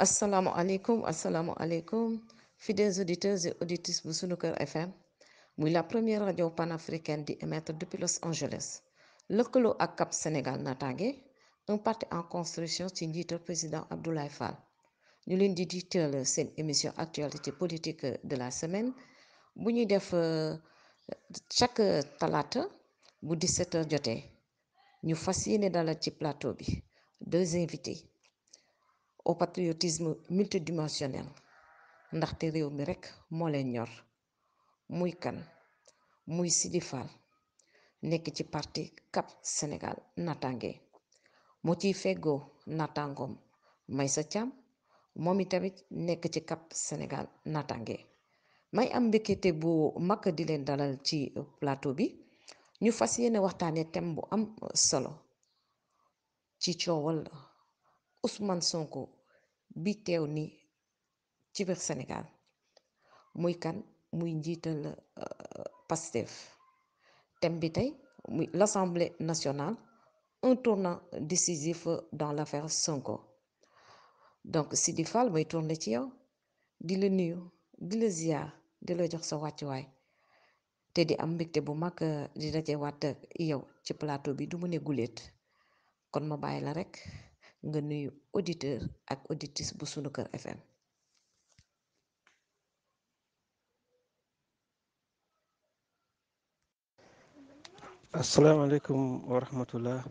Assalamu alaikum, assalamu alaikum, fidèles auditeurs et auditrices de Sunuker FM, muy la première radio panafricaine d'émettre depuis Los Angeles. Le local à CAP Sénégal naataange un parti en construction ci le président Abdoulaye Fall Nous leen di diital émission actualité politique de la semaine nous avons fait chaque talate, bu 17h nous ñu Nous fascinons dans ci plateau deux invités. au patriotisme multidimensionnel ndaxte réew mi rek moo leen ñor muy kan muy Sidi nekk ci parti CAP Sénégal naataange mu ciy feggoo may sa Thiam moom itamit nekk ci CAP Sénégal naataange may am mbékkite bu mag di leen dalal ci plateau bi ñu fas yéene waxtaane thème bu am solo ci coowal Ousmane Sonko bi ci Sénégal euh, Pastef l'Assemblée nationale un tournant décisif dans l'affaire Sonko donc Sidi Fall may tourné ci yow di di ziar di jox sa di am bu euh, di yow ci plateau bi du kon ma la rek nga nuyu auditeur ak auditrice bu Sunuker FM. asalaamaaleykum wa rahmatullah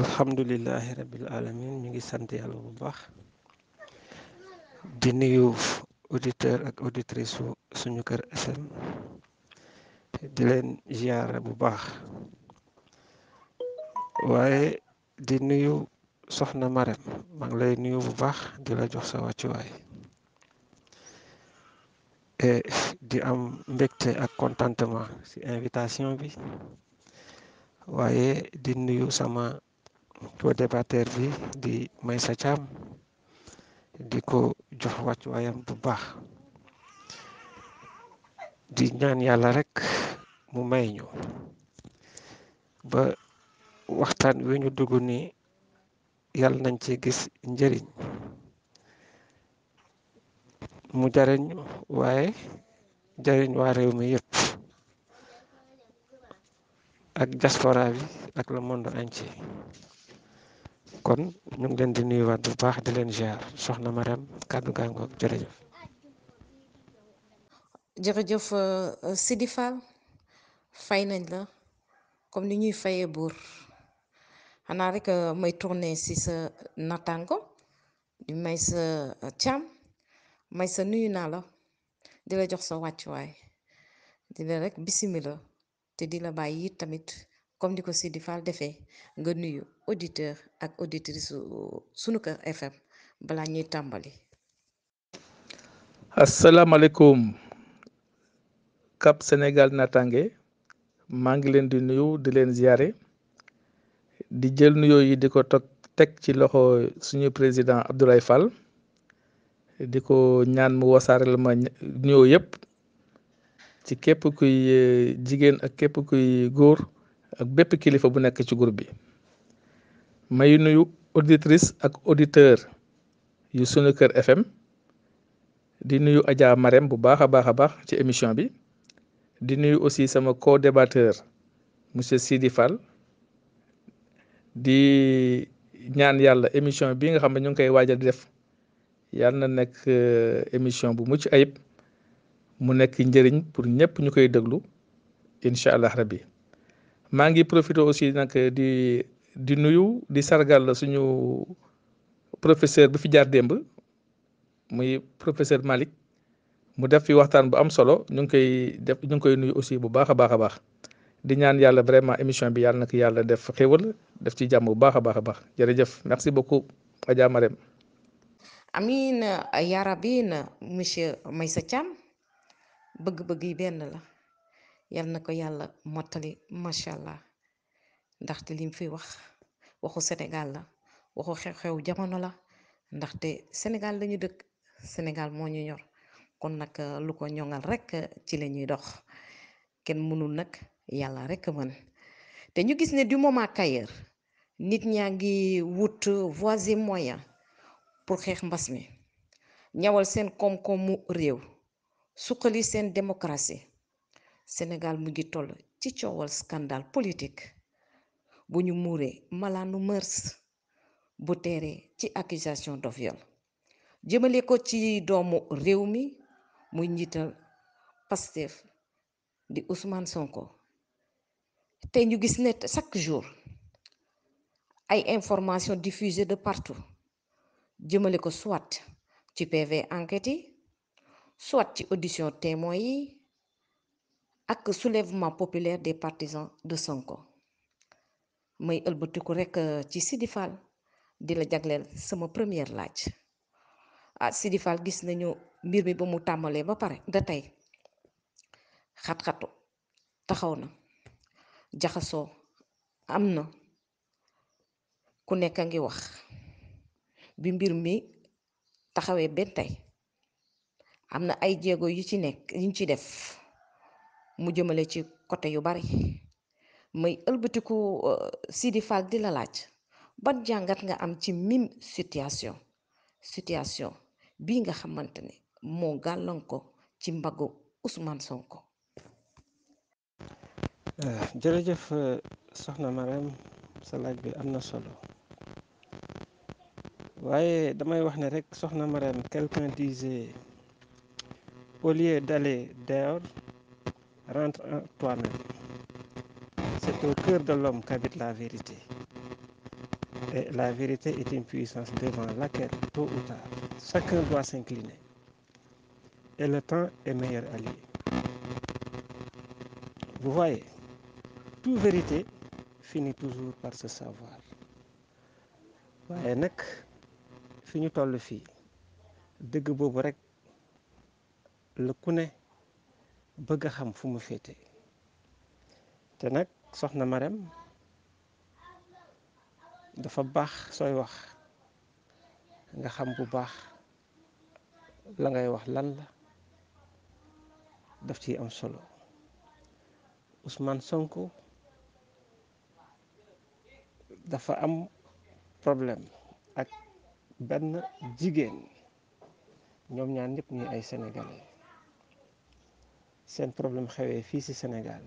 alhamdulilahi rabil alamin ñu ngi sant yàlla bu baax di nuyu auditeur ak auditrice suñu kër FM di leen ziyaara bu baax waaye di nuyu soxna Marème maa lay nuyu bu baax di la jox sa wàccuwaay di am mbégte ak contentement ci invitation bi waaye di nuyu sama co-débatteur bi di sa Thiam di ko jox wàccuwaayam bu baax di ñaan yàlla rekk mu may ñu ba waxtaan wi ñu dugg ni yàlla nañ ci gis njëriñ mu jariñ waaye jariñ waa réew mi yépp ak diaspora bi ak le monde entier kon ñu ngi leen di nuyuwaat bu baax di leen ziar soxna Mariam kaddu gango ngoog jërëjëf jërëjëf euh, Sidi Fall fay nañ la comme ni ñuy fayee buur xanaa rek euh, may tourner si sa nattaango di may sa euh, càmm may sa nuyu naa la di la jox sa wàccuwaay di la rek bisimila te di la bàyyi it tamit comme ni ko Sidi Fall defee nga nuyu auditeur ak auditrice sunu kër FM balaa ñuy tàmbali. asalaamaaleykum Cap Sénégal naataange maa ngi leen di nuyu di leen ziare. di jël nuyoo yi di ko toog teg ci loxo suñu président Abdoulaye Fall di ko ñaan mu wasaareel ma nuyoo yëpp ci képp kuy e, jigéen ak képp kuy góor ak bépp kilifa bu nekk ci groupe bi may nuyu auditrice ak auditeur yu sunu kër FM di nuyu Adja Marème bu baax a baax a baax ci émission bi di nuyu aussi sama co-débatteur monsieur Sidi Fall. di ñaan yàlla émission bi nga xam ne ñu ngi koy waaja di def yàlla na nekk euh, émission bu mucc ayib mu nekk njëriñ pour ñëpp ñu koy déglu incha allah rabbi maa ngi profité aussi nag di di nuyu di sargal suñu professeur bi fi jaar démb muy professeur Malick mu def fi waxtaan bu am solo ñu ngi koy def ñu ngi koy nuyu aussi bu baax a baax a baax. di ñaan yàlla vraiment émission bi yàlla na yàlla def xéwal def ci jàmm bu baax a baax a baax jërëjëf merci beaucoup Adja Marem. amin ya rabbi na monsieur Maysa Thiam bëgg-bëgg yi benn la yal na ko yàlla mottali macha allah ndaxte lim fi wax waxu Sénégal la waxu xew-xew jamono la ndaxte Sénégal lañu dëkk Sénégal moo ñu ñor kon nag lu ko ñongal rek ci la ñuy dox kenn mënul nag. yàlla rek mën te ñu gis ne du moment qu'ailleurs nit ñaa ngi wut voies et moyens pour xeex mbas mi ñawal seen koom-koomu réew suqali seen démocratie Sénégal mu ngi toll ci coowal scandale politique bu ñu muuree malaanu mërs bu teere ci accusation de viol jëmale ko ci doomu réew mi muy njiital Pastef di Ousmane Sonko te ñu gis ne chaque jour ay information diffusée de partout jëmale ko soit ci PV enquête yi soit ci audition témoin yi ak soulèvement populaire des partisans de Sonko may ëlbatiku rek euh, ci Sidi Fall di la jagleel sama première laaj ah Sidi Fall gis nañu mbir mi ba mu tàmbalee ba pare da tey xat-xatu taxaw na jaxasoo am na ku nekk a ngi wax bi mbir mi taxawee benn tey am na ay jéego yu ci nekk yuñ ci def mu jëmale ci côté yu bari may ëlbatiku euh, Sidi Fall di la laaj ban jàngat nga am ci mim situation situation bi nga xamante ne moo gàllan ci mbaggu Ousmane Sonko. Eh, jërëjëf eh, soxna Marème bi am solo damay rek quelqu'un disait au lieu d'aller dehors rentre en toi-même c'est au cœur de l'homme qu'habite la vérité et la vérité est une puissance devant laquelle tôt ou tard chacun doit s'incliner et le temps est meilleur allié vous voyez toute vérité finit toujours par se savoir Mais nak le toll bëgg xam fu mu soxna Marem dafa wax nga la solo Ousmane Sonko. dafa am problème ak benn jigéen ñoom ñaan ñëpp ñu ay sénégalais seen problème xewee fii ci Sénégal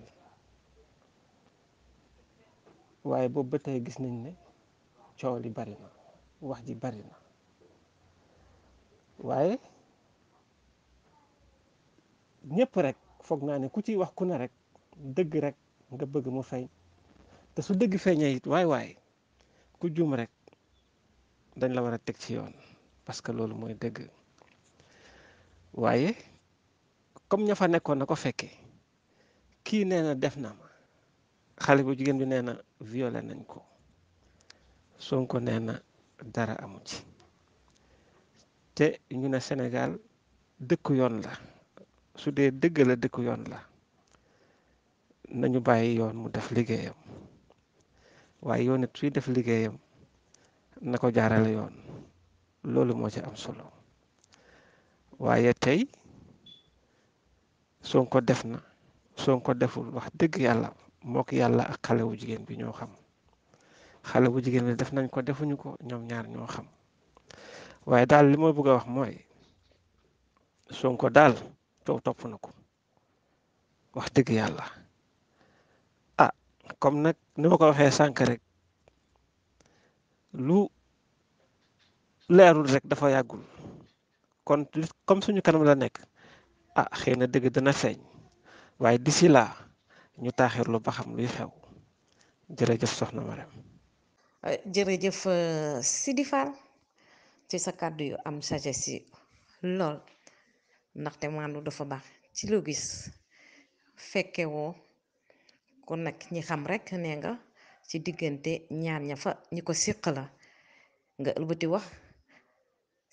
waaye boobu ba tey gis nañ ne coow yi bari wax ji bari waaye ñépp rek foog naa ne ku ciy wax ku ne rek dëgg rek nga bëgg mu feeñ te su dëgg feeñee it waay waay ku juum rek dañ la war a teg ci yoon parce que loolu mooy dëgg waaye comme ña fa nekkoon na ko fekke kii nee na def na ma xale bu jigéen bi nee na violé nañ ko Sonko nee na dara amu ci te ñu ne senegal dëkk yoon la su dee dëgg la dëkku yoon la nañu bàyyi yoon mu def liggéeyam waaye yoon it suy def liggéeyam na ko jaarale yoon loolu moo ci am solo waaye tey Sonko def na ko deful wax dëgg yàlla mook yàlla ak xale wu jigéen bi ñoo xam xale bu jigéen bi def nañ ko defuñu ko ñoom ñaar ñoo xam waaye daal li ma bëgg a wax mooy Sonko daal coow topp na ko wax dëgg yàlla comme nak, ni ma ko waxe sank rek lu leerul rek dafa yagul kon comme suñu kanam la nek ah xeyna na dana feñ waye d'ici là ñu taxir lu ba xam luy xew jërëjëf soxna Marème eh, jërëjëf eh, Sidi Fall ci sa yu am sagesse lol nak ndaxte maandu dafa bax ci lu gis fekke woo kon nak ñi xam rek ne nga ci la nga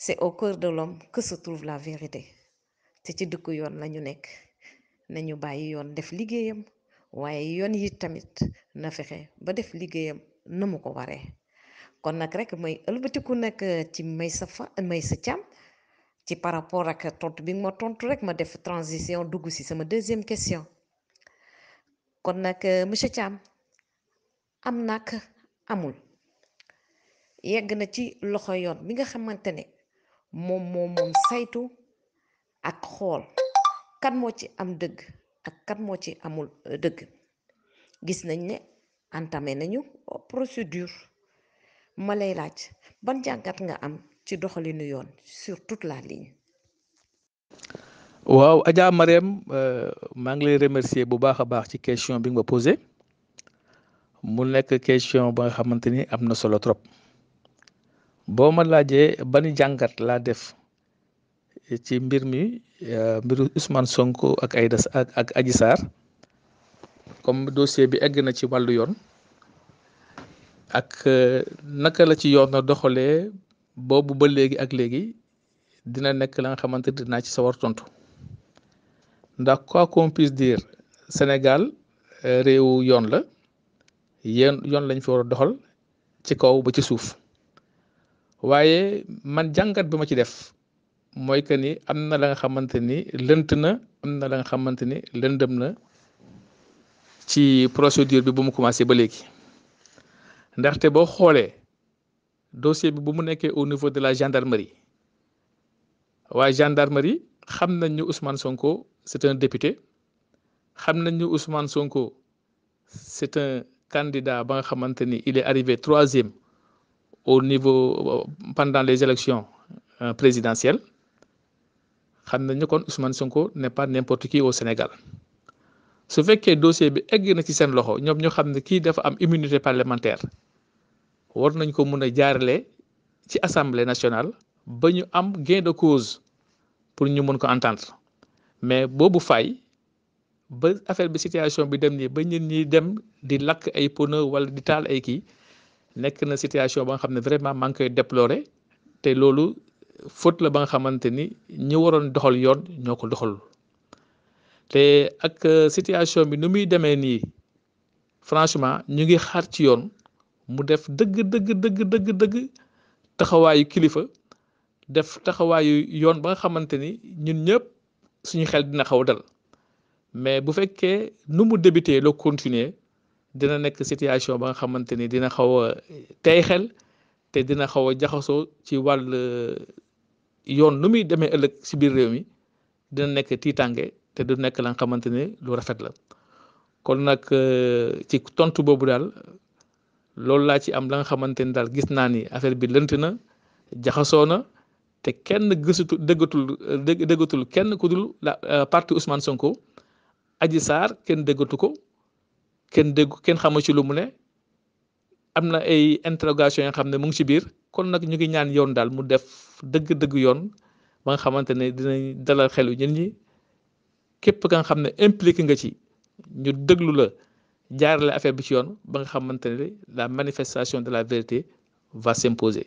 c'est au cœur de l'homme que se trouve la vérité C'est ci dëkku yoon lañu nekk nañu bàyyi yoon def liggéeyam waaye yoon yi tamit na fexe ba def na mu kon nag rek may euh, ci may may ma transition deuxième question kon nak monsieur cham am nak amul yegg na ci loxo yoon mi nga xamantene mom mom mom saytu ak xol kan mo ci am deug ak kan mo ci amul deug gis nañ ne entamé nañu procédure malay laaj ban jangat nga am ci nu yoon sur toute la ligne waaw Adja Marème euh, maa ngi lay remercier bu baax a baax ci question bi nga posé mu nekk question ba nga xamante ni am na solo trop boo ma laajee ban jàngat laa def ci mbir mi euh, mbiru Ousmane Sonko ak Aïda ak ak Adji comme dossier bi egg na ci wàllu yoon ak euh, naka la ci yoon na doxalee boobu ba léegi ak léegi dina nekk la nga xamante naa ci sawar tontu. ndax quoi qu'on puisse dire Sénégal euh, réewu yoon la yéen yoon lañ fi war a doxal ci kaw ba ci suuf waaye man jàngat bi ma ci def mooy que ni am na la nga xamante ni lënt na am na la nga xamante ni lëndëm na ci procédure bi bu mu commencé ba léegi ndaxte boo xoolee dossier bi bu mu nekkee au niveau de la gendarmerie waa gendarmerie xam nañ ni Ousmane Sonko c'est un député xam nañ ni Ousmane Sonko c'est un candidat ba nga il est arrivé troisième au niveau pendant les élections euh, présidentielles xam nañ ni kon Ousmane Sonko n'est pas n'importe qui au Sénégal Ce fait que le dossier est ci seen loxo ñoom ñu xam ne kii dafa immunité parlementaire war nañ ko mun a ci assemblée nationale ba ñu am gain de cause. pour ñu mun ko entendre mais boobu faay ba affaire bi situation bi dem nii ba ñun ñuy dem di lakk ay pneu wala di taal ay kii nekk na situation ba nga xam ne vraiment maa ngi koy déplorer te loolu fóot la ba nga xamante ni ñi waroon doxal yoon ñoo ko doxalul te ak euh, situation bi nu muy demee nii franchement ñu ngi xaar ci yoon mu def dëgg dëgg dëgg dëgg dëgg taxawaayu kilifa def taxawaayu yoon ba nga xamante ni ñun ñëpp suñu xel dina xaw dal mais bu fekkee nu mu débuté la continuer dina nekk situation ba nga xamante ni dina xaw a eh, tey xel te dina xaw a jaxasoo ci wàll eh, yoon nu muy demee ëllëg si biir réew mi dina nekk tiitange te du nekk la nga xamante ni lu rafet la kon nag eh, ci tontu boobu daal loolu laa ci am la nga xamante ni daal gis naa ni affaire bi lënt na jaxasoo na te kenn gëstu dëggatul déggatul kenn ku dul la euh, parti Ousmane Sonko aji Sarr kenn dëggatu ko kenn dégg kenn xamu ci lu mu ne am na ay interrogation yoo xam ne mu ngi ci biir kon nag ñu ngi ñaan yoon daal mu def dëgg-dëgg yoon ba nga xamante ne dinañ dalal xelu ñun ñi képp ka nga xam ne implique nga ci ñu déglu la jaarale affaire bi ci yoon ba nga xamante ne la manifestation de la vérité va s'imposer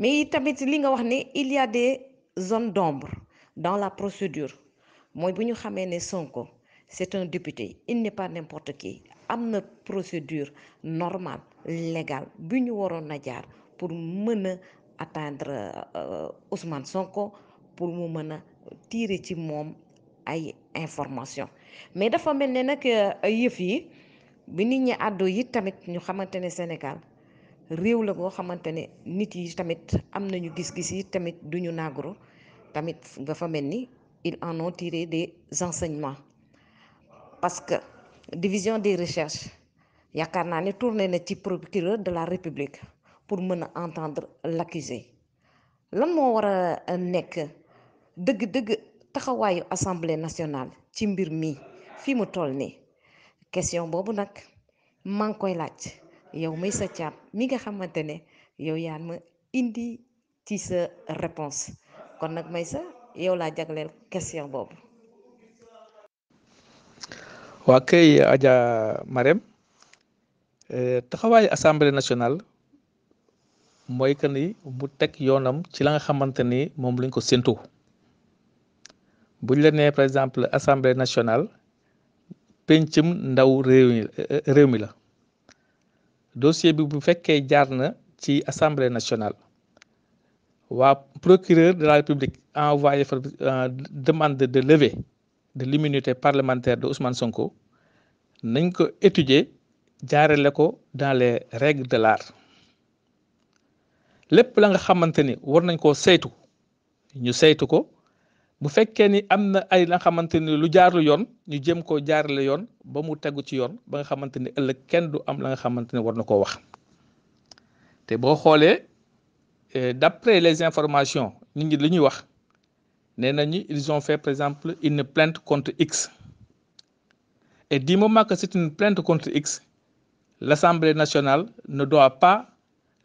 mais tamit li nga wax il y a des zones d'ombre dans la procédure moy buñu xamé né Sonko c'est un député il n'est pas n'importe qui amna procédure normale légale buñu ñu pour atteindre euh, Ousmane Sonko pour mu tirer ci mom ay information mais dafa mel que nag euh, yëf yi bi nit ñi addo yi tamit ñu xamante Sénégal réew la ngoo xamante ne nit yi tamit am nañu gis-gis yi tamit duñu nagro tamit dafa mel ni ils en ont tiré des enseignements parce que division des recherches yaakaar naa ne tourné na ci procureur de la république pour mën a entendre l'accusé lan moo war a euh, nekk dëgg-dëgg taxawaayu assemblée nationale ci mbir mi fi mu toll nii question boobu nag maa ngi koy laaj. yow may sa càam mi nga xamante ne yow yaan ma indi ci sa réponse kon nag may sa yow laa jagleel question boobu waa kay Adja Marème eh, taxawaay assemblée nationale mooy que ni mu yoonam ci la nga xamante ni moom lañ ko séntu buñ la nee par exemple assemblée nationale pencum ndaw réew eh, eh, réew mi la dossier bi bu fekkee jaar na ci assemblée nationale waa procureur de la république envoyé fa euh, demande de levée de l'immunité parlementaire de Ousmane Sonko nañ ko étudier jaarale ko dans les règles de l'art lépp la nga xamante ni war nañ koo saytu ñu saytu ko. bu fekkee ni am na ay la xamante ni lu jaarlu yoon ñu jëm koo jaarale yoon ba mu tegu ci yoon ba nga xamante ni ëllëg kenn du am la nga xamante war na koo wax te boo xoolee eh, d'après les informations nit ñi li ñuy wax nee nañu ils ont fait par exemple une plainte contre X et du moment que c'est une plainte contre X l'Assemblée nationale ne doit pas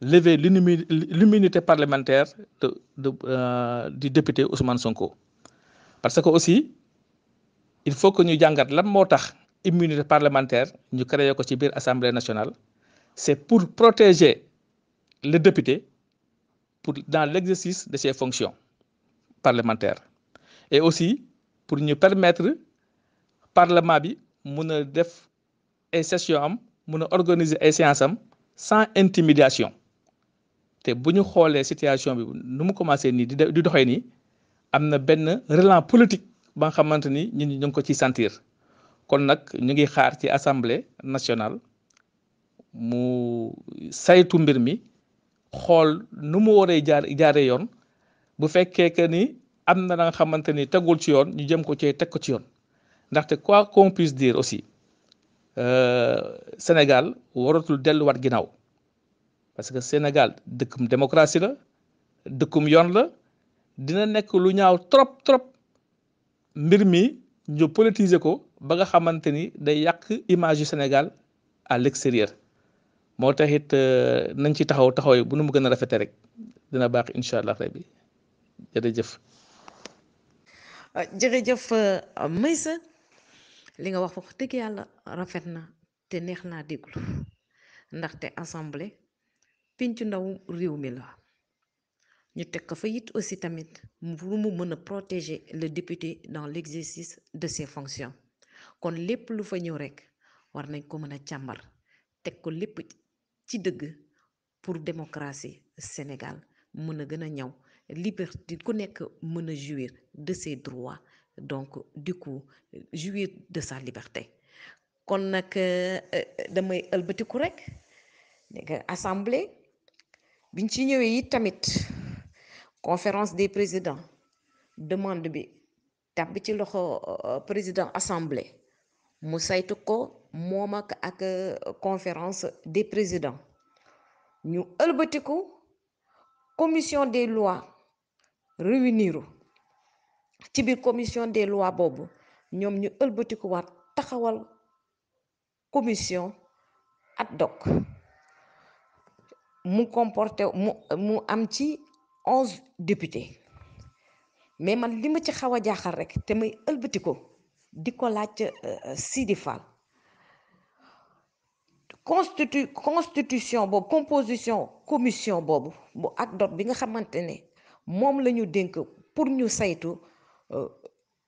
lever l'immunité parlementaire de, de, euh, du député Ousmane Sonko parce que aussi il faut que nous jàngat lan tax immunité parlementaire ñu créé ko ci nationale c'est pour protéger les députés dans l'exercice de ses fonctions parlementaires et aussi pour ñu permettre parlement bi mun a def organiser ay séances sans intimidation te nous ñu la situation bi commençons mu commencé nii di am na benn relance politique ba nga xamante ni ñun ñu ngi ko ciy sentir kon nag ñu ngi xaar ci assemblée nationale mu saytu mbir mi xool nu mu waree jaar jaare yoon bu fekkee que ni am na la nga xamante ni tegul ci yoon ñu jëm ko ci teg ci yoon ndaxte quoi qu'on puisse dire aussi euh, Sénégal waratul delluwaat ginnaaw parce que Sénégal dëkkum démocratie la dëkkum yoon la. dina nekk lu ñaaw trop trop mbir mi ñu politiser ko ba nga xamante ni day yàq image yu Sénégal à l'extérieur moo tax it euh, nañ ci taxaw taxaw yi bu nu mu gën a rafetee rek dina baax incha allah rabbi jërëjëf. jërëjëf euh, Meissa li nga wax wax dëgg yàlla rafet na te neex naa déglu ndaxte assemblée pinc ndaw réew mi la. ñu teg ko fa it aussi tamit pour mu mën a protéger le député dans l'exercice de ses fonctions kon lépp lu fa ñëw rek war nañ ko mën a càmbar teg ko lépp ci dëgg pour démocratie Sénégal mën a gën a ñaw liberté ku nekk mën a jouir de ses droits donc du coup jouir de sa liberté kon nag euh, euh, damay ëlbatiku rek nga assemblée biñ ci ñëwee it tamit conférence des présidents demande bi tàbbi ci loxo euh, président assemblée mu saytu ko la ak euh, conférence des présidents ñu la commission des lois réuniru ci bir commission des lois bobu ñom ñu wat taxawal commission ad hoc mu comporté mu mu am ci onze députés mais man li ma ci xaw a jaaxal rek te may ëlbati ko di ko laaj euh, euh, Sidi Fall constitu constitution boobu composition commission boobu bu ak dot bi nga xamante ne moom la ñu dénk pour ñu saytu euh,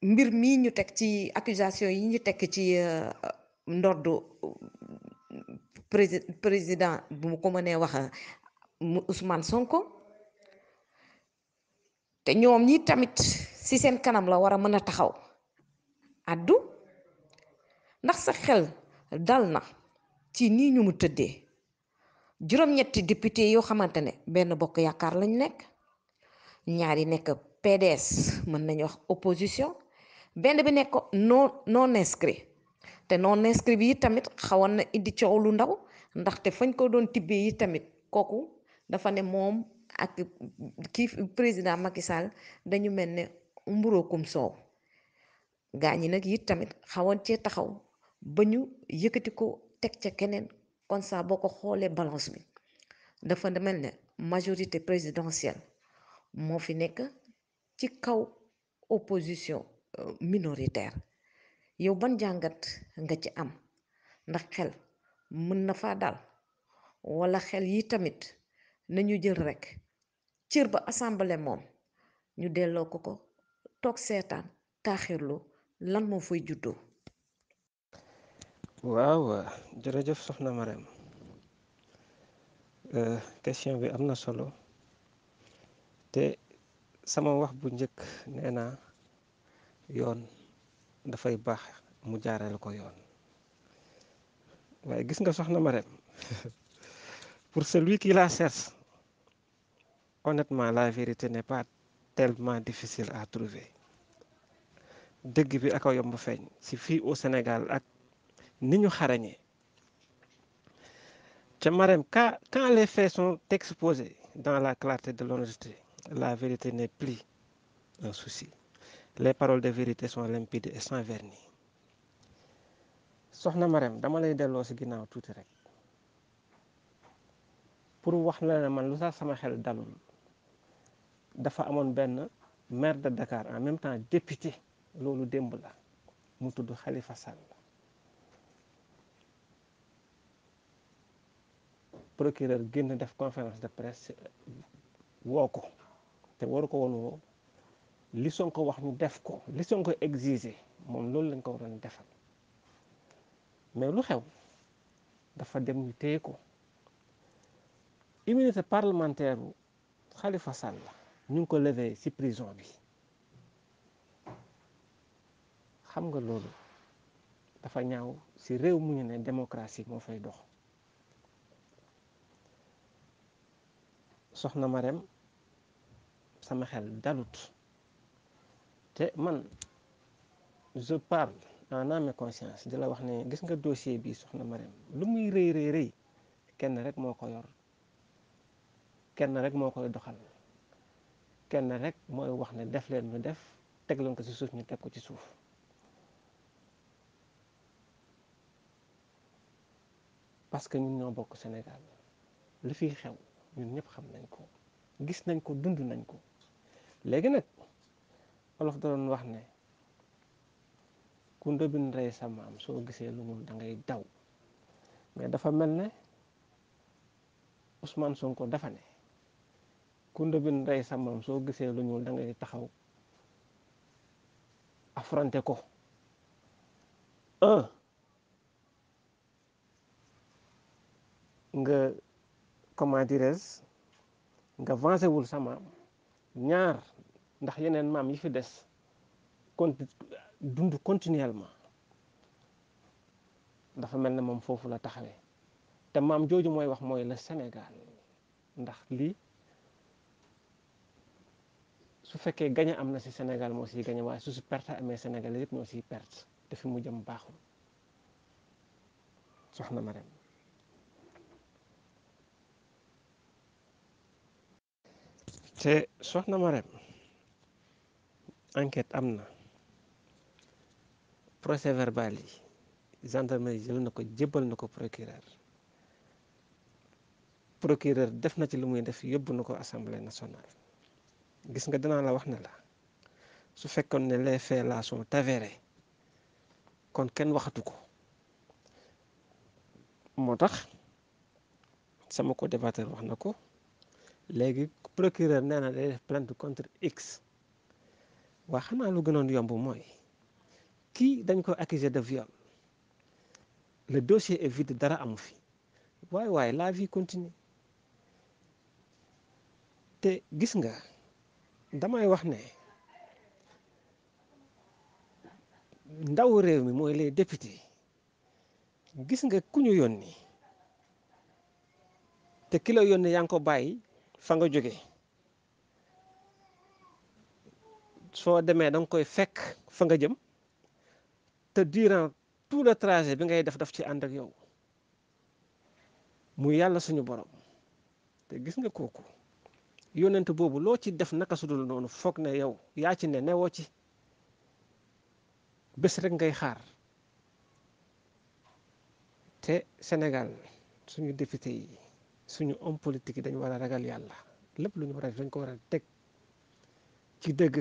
mbir mii ñu teg ci accusation yi ñu teg ci ndoddu président bu ko mënee wax Ousmane Sonko. te ñoom ñi tamit ci seen kanam la war a mën a taxaw addu ndax sa xel dal na ci nii ñu mu tëddee juróom-ñetti député yoo xamante ne benn bokk yaakaar lañ nekk ñaari nekk PDS mën nañu wax opposition benn bi nekk non non inscrit te non inscrit bi yi tamit xawoon na indi coow lu ndaw ndaxte fañ ko doon tibbee yi tamit kooku dafa ne moom ak kii président Macky Sall dañu mel ne mburookum soow gaa ñi nag it tamit xawoon cee taxaw ba ñu yëkkati ko teg ca keneen kon boo ko xoolee balance bi dafa mel ne majorité présidentielle moo fi nekk ci kaw opposition euh, minoritaire yow ban jàngat nga ci am ndax xel mën na fa dal wala xel yi tamit nañu jël rek cër ba assemblée moom ñu delloo ko ko toog seetaan taaxirlu lan moo fay juddoo. waaw jërëjëf soxna Marème euh, question bi am na solo te sama wax bu njëkk nee yoon dafay baax mu jaarale ko yoon waaye gis nga soxna Marème pour celui qui la cherche honnêtement la vérité n'est pas tellement difficile à trouver dëgg bi ak yomb feeñ si fii au Sénégal ak ni ñu xarañee quand les faits sont exposés dans la clarté de l'honnêteté la vérité n'est plus un souci les paroles de vérité sont limpides et sans vernis je vous dama lay delloo si ginnaaw tuuti rek pour wax la ne man lu sax sama xel dalul dafa amoon benn maire de Dakar en même temps député loolu démb la mu tudd Khalifa Sall procureur génn def conférence de presse woo ko te waru ko woon woo li Sonko wax ñu def ko li Sonko exigé moom loolu lañ ko waroon defal mais lu xew dafa dem ñu téye ko immunité parlementaire bu Khalifa Sall la ñu ko levé si prison bi xam nga loolu dafa ñaaw si réew mu ñu ne démocratie moo fay dox soxna Marème sama xel dalut te man je parle en âme et conscience di la wax ne gis nga dossier bi soxna Marème lu muy rëy rëy kenn rek moo ko yor kenn rek moo koy doxal kenn rek mooy wax ne def leen mu def teg ko ci suuf ñu teg ko ci suuf parce que ñun ñoo bokk Sénégal li fiy xew ñun ñëpp xam nañ ko gis nañ ko dund nañ ko léegi nag olof da doon wax ne ku ndëbin rey sa maam soo gisee lu mu da ngay daw mais dafa mel ne Ousmane Sonko dafa ne ku ndëbin rey sa morom soo gisee lu ñuul da ngay taxaw affronter ko nga comment dirais nga vencé wul sa maam ñaar ndax yeneen maam yi fi des kon dund continuellement dafa mel ne moom foofu la taxawe te maam jooju mooy wax mooy le Sénégal ndax lii su fekkee gañe am na si Sénégal moo siy gañe waaye su su perte amee Sénégal yëpp ñoo siy perte te fi mu jëm baaxul soxna ma rem te soxna ma rem am na procès verbal yi gendarmerie jël na ko jébbal na ko procureur procureur def na ci lu muy def yóbbu na ko assemblée nationale gis nga que la wax la su les faits là sont avérés kon kenn waxatu ko sama ko débatteur wax na procureur nee na plainte contre x waa xanaa lu gënoon yomb accusé de viol le dossier est vide dara amu fi oui, la vie continue te gis nga damay wax ne ndaw réew mi mooy les députés gis nga ku ñu yónni te kilo la yónni yaa ngi ko bàyyi fa nga jóge soo demee da nga koy fekk fa nga jëm te durant tout le trajet bi ngay def def ci ànd ak yow mu yàlla suñu borom te gis nga kooku yonent boobu loo ci def naka sudul noonu foog na yow yaa ci ne newoo ci bés rek ngay xaar te Sénégal suñu député yi suñu homme politique yi dañu war a ragal yàlla lépp lu ñu war a def dañ ko war a teg ci dëgg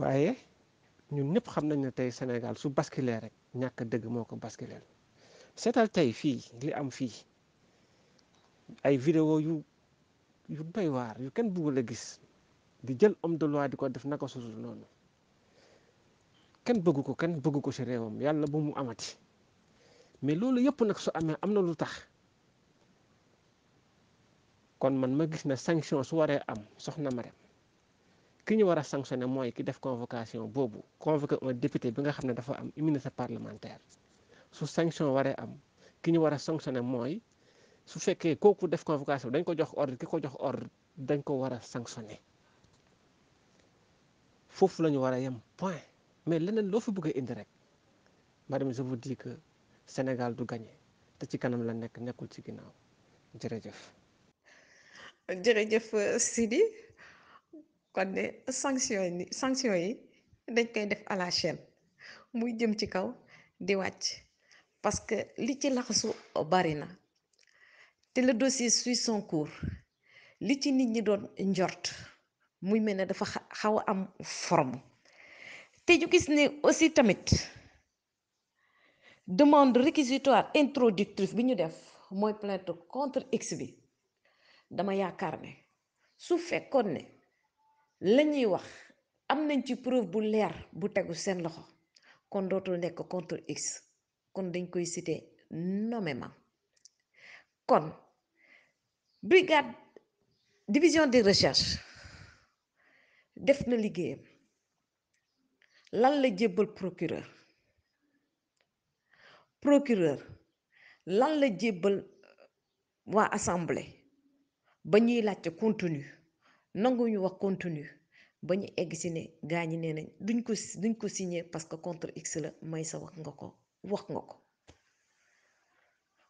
waaye ñun ñëpp xam nañ ne tey Sénégal su basculer rek ñàkk dëgg moo ko basculer seetal tey fii li am fii ay vidéo yu yu doy waar yu kenn bëggul a gis di jël homme de loi di ko def naka suusul noonu kenn bëgg ko kenn bëggu ko si réewam yàlla bu mu amati mais loolu yëpp nag su amee am na lu tax kon man ma gis ne sanction su waree am soxna Marème ki ñu war a sanctionné mooy ki def convocation boobu convoqué un député bi nga xam ne dafa am immunité parlementaire su sanction waree am ki ñu war a sanctionné mooy su fekkee kooku def convocation dañ ko jox ordre ki ko jox ordre dañ ko war a sanctionné foofu la ñu war a yem point mais leneen loo fi buggee indi rek madame je vous Sénégal du gagné te ci kanam la nekk nekkul ci ginnaaw jërëjëf. jërëjëf Sidi kon ne sanction yi dañ koy def à la muy jëm ci kaw di wàcc parce que li ci laxasu bari na. le dossier suit son cours li ci nit ñi doon njort muy forme aussi tamit demande réquisitoire introductrice bi plainte contre x bi dama yaakaar su fekkoon ne wax am nañ ci preuve bu contre x kon dañ nommément brigade division de recherche def na liggéeyam lan la jébbal procureur procureur lan la jébbal waa assemblée ba ñuy laajte contenu ñu wax contenu ba ñu egg si ne gaa ñi nee nañ duñ ko duñ ko signé parce que contre x la may sa wax nga ko wax nga ko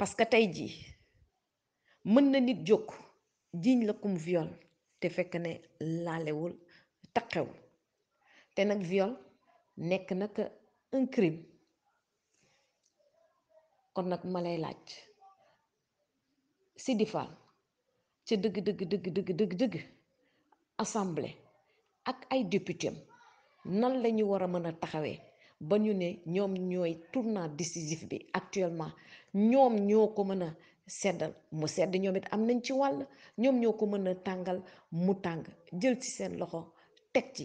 parce que tey jii mën na nit jóg jiiñ la kum viol te fekk ne laalewul taqewul te nag viol nekk nag un crime kon nag ma lay laaj Sidi Fall ca dëgg dëgg dëgg dëgg dëgg dëgg ak ay député nan la ñu war a mën a taxawee ba ñu ne ñoom ñooy tournant décisif bi actuellement ñoom ñoo ko mën a seddal mu sedd ñoom it am nañ ci wàll ñoom ñoo ko mën a tàngal mu tàng jël ci seen loxo teg ci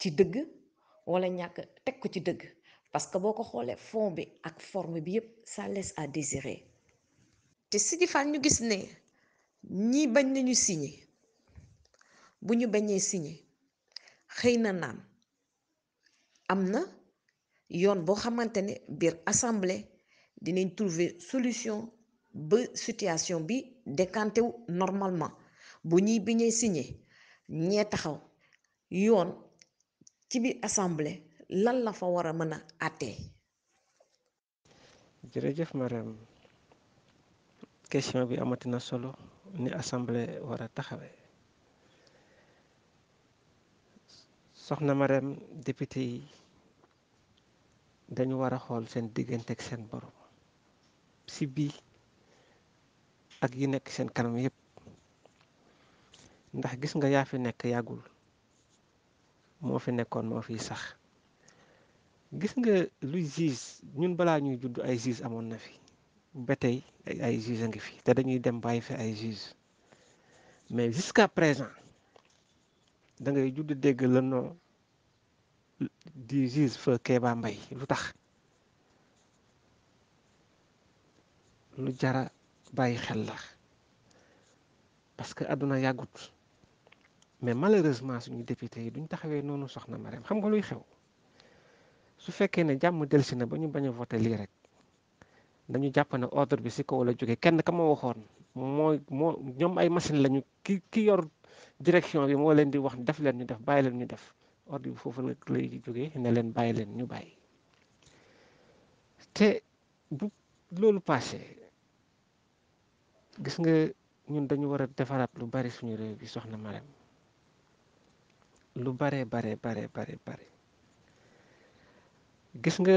ci dëgg wala ñàkk teg ko ci dëgg parce que boo ko xoolee fond bi ak forme bi yépp ça laisse à désirer te Sidi Fall ñu gis ne ñii bañ nañu signé bu ñu bañee signé xëy na naam am na yoon boo xamante ne biir assemblée dinañ trouver solution ba situation bi décanté wu normalement bu ñuy bi ñuy signé ñee taxaw yoon ci biir assemblée lan la fa war a mën a àttee. jërëjëf Marème question bi amatina solo ni assemblée war a taxawee soxna madame, député yi. dañu war a xool seen diggante ak seen borom si bii ak yi nekk seen kanam yépp ndax gis nga yaa fi nekk yàggul moo fi nekkoon moo fiy sax gis nga lu juge ñun balaa ñuy judd ay juge amoon na fi ba tey ay juge a ngi fi te dañuy dem bàyyi fi ay juge mais jusqu'à présent dangay judd dégg la noonu di juge fa Kéba mbay lu tax lu jara bàyyi xel la parce que àdduna yàggut mais malheureusement suñu député yi duñ taxawee noonu soxna Marème xam nga luy xew su fekkee ne jàmm delsi na ba ñu bañ a voté lii rek dañu jàpp ne ordre bi si kaw la jóge kenn ka ma waxoon mooy moo ñoom ay machine lañu ki ki yor direction bi moo leen di wax def leen ñu def bàyyi leen ñu def ordre foofu nag lay jóge ne leen bàyyi leen ñu bàyyi te bu loolu passé gis nga ñun dañu war a defaraat lu bari suñu réew bi soxna Marème lu bare bare bare bare bare gis nga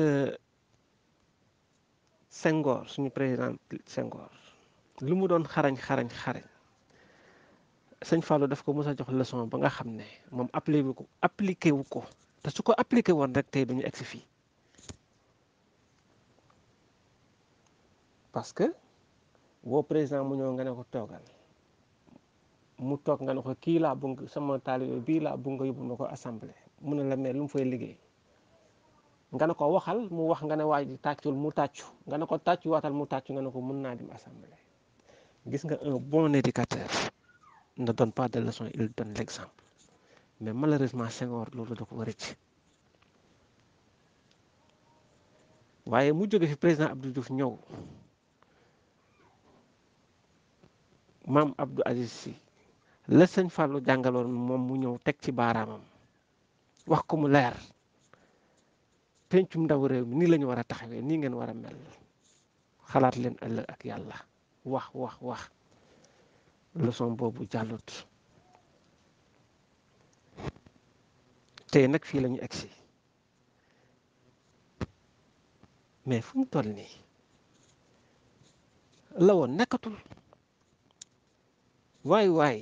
euh, Senghor suñu président Senghor lu mu doon xarañ xarañ xarañ sëñ Fallou daf ko mos a jox leçon ba nga xam ne moom appliqué wu ko appliqué wu ko te su ko appliqué woon rek tey duñu si fii parce que boo président mu ñëw nga ne ko toogal mu toog nga ne ko kii laa bëgg sama taalibe bii laa bëgg nga yóbbu na ko assemblée mu ne la mais lu mu fay liggéey nga ne ko waxal mu wax nga ne waa ji tàccul mu tàccu nga ne ko tàccu waatal mu tàccu nga ne ko mën naa dem assemblée gis nga un bon ne donne pas de leçons il donne l'exemple mais malheureusement Senghor loolu da ko rëcc waaye mu jóge fi président Abdou Diouf ñëw maam Abdou Aziz Sy la sëñ Fallou jàngaloon moom mu ñëw teg ci baaraamam wax ko mu leer pencum ndaw réew mi nii lañu war a taxawee nii ngeen war a mel xalaat leen ëllëg ak yàlla wax wax wax. leçon boobu jàllut tey nag fii lañu egsi mais fu mu toll nii la woon nekkatul waay waay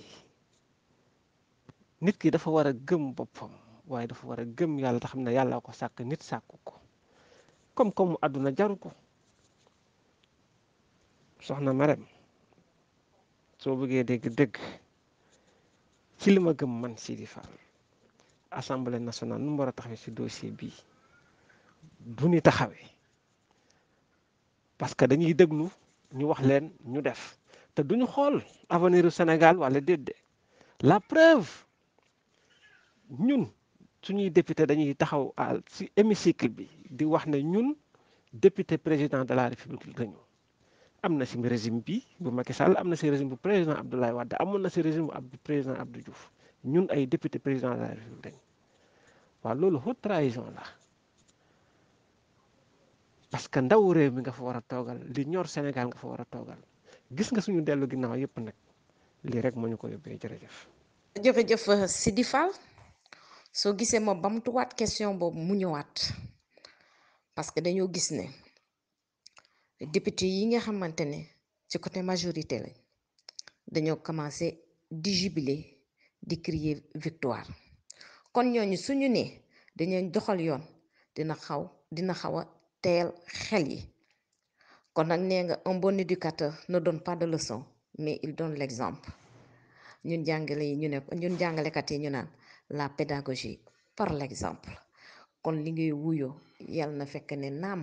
nit ki dafa war a gëm boppam waaye dafa war a gëm yàlla te xam ne yàllaa ko sàkk nit sàkku ko comme comme àdduna jaru ko soxna Marème soo bëggee dégg dëgg ci li ma gëm man Sidi Fall assemblée nationale nu mu war a taxawee si dossier bii du ni taxawee parce que dañuy déglu ñu wax leen ñu def te duñu xool avenir Sénégal wala déedéet la preuve ñun suñuy député dañuy taxaw ci hémicycle bi di wax ne ñun député président de la république lañu amna ci régime bi bu Macky Sall amna ci régime bu président Abdoulaye Wade amoon na si régime bu Abdou président Abdou Diouf ñun ay député président de la République dañ wa lolu haute trahison la parce que ndaw réew mi nga fa wara togal li ñor Sénégal nga fa wara togal gis nga suñu delu ginnaw yépp nak li rek ko yobé ko yóbbee jërëjëf. jërëjëf euh, Sidi Fall so gisé mo bamtu wat question bobu mu ñëwaat parce que dañu gis ne. député yi nga xamante ne ci côté majorité lañ dañoo commencé di jubiler di crier victoire kon ñooñu suñu ne dañuy doxal yoon dina xaw dina xaw a teel xel yi kon nag nee nga un bon éducateur ne donne pas de leçon mais il donne l'exemple ñun jàngale yi ñu ne ñun jàngalekat yi ñu naan la pédagogie par l'exemple kon li ngay wuyoo yàlla na fekk ne naam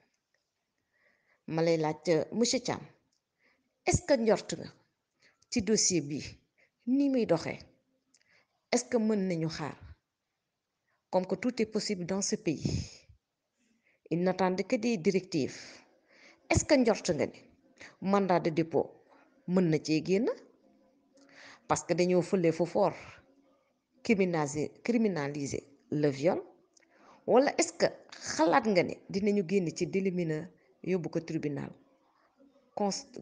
ma lay laaj euh, monsieur Thiam est-ce que njort nga ci dossier bi nii muy doxee est-ce que mën nañu xaar comme que tout est possible dans ce pays il n'attend que des directives est-ce que njort nga ni mandat de dépôt mën na cee génn parce que dañoo fële fu fort criminaliser criminaliser le viol wala est-ce que xalaat nga ne dinañu génn ci délit yóbbu ko tribunal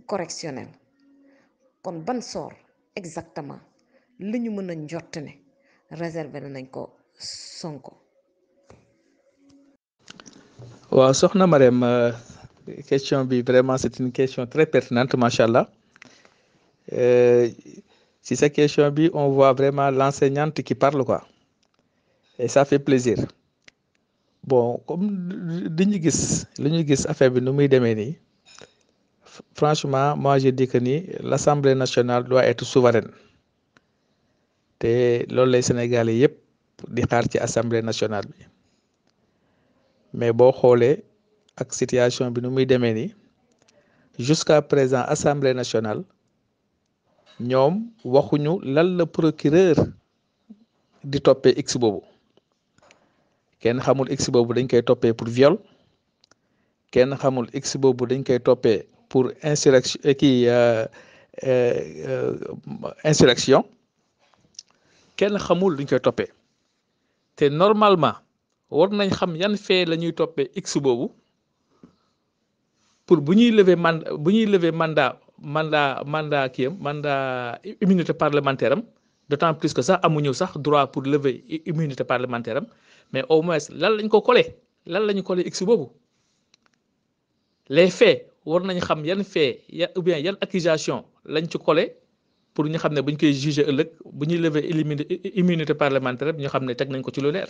correctionnel kon bon sort exactement li ñu mën a njort ne réservé nañ ko Sonko. waaw soxna euh, question bi vraiment c'est une question très pertinente macha allah euh, si sa question bi on voit vraiment l'enseignante qui parle quoi et ça fait plaisir bon comme dañu gis li ñu gis affaire bi nu muy franchement moi j'ai dit que ni l'Assemblée nationale doit être souveraine te loolu lay Sénégalais yëpp di xaar ci Assemblée nationale bi mais boo xoolee ak situation bi nu muy jusqu'à présent Assemblée nationale ñoom waxuñu lan le procureur di toppee x boobu kenn xamul x boobu dañ koy toppee pour viol kenn xamul x boobu dañ koy toppee pour insurrection eh, kii euh, euh, insurrection kenn xamul luñ koy toppee te normalement war nañ xam yan fee la ñuy toppee x boobu pour bu ñuy levee man bu ñuy lever mandat mandat mandat kii am mandat immunité parlementaire am d'autant plus que sax amuñu sax droit pour lever immunité parlementaire am mais au moins lan lañ ko collé lan lañu collé x bobu les faits war nañ xam yan faits ya ou bien yan accusation lañ ci collé pour ñu xamné buñ koy juger ëllëg buñu lever immunité parlementaire ñu xamné ne nañ ko ci lu leer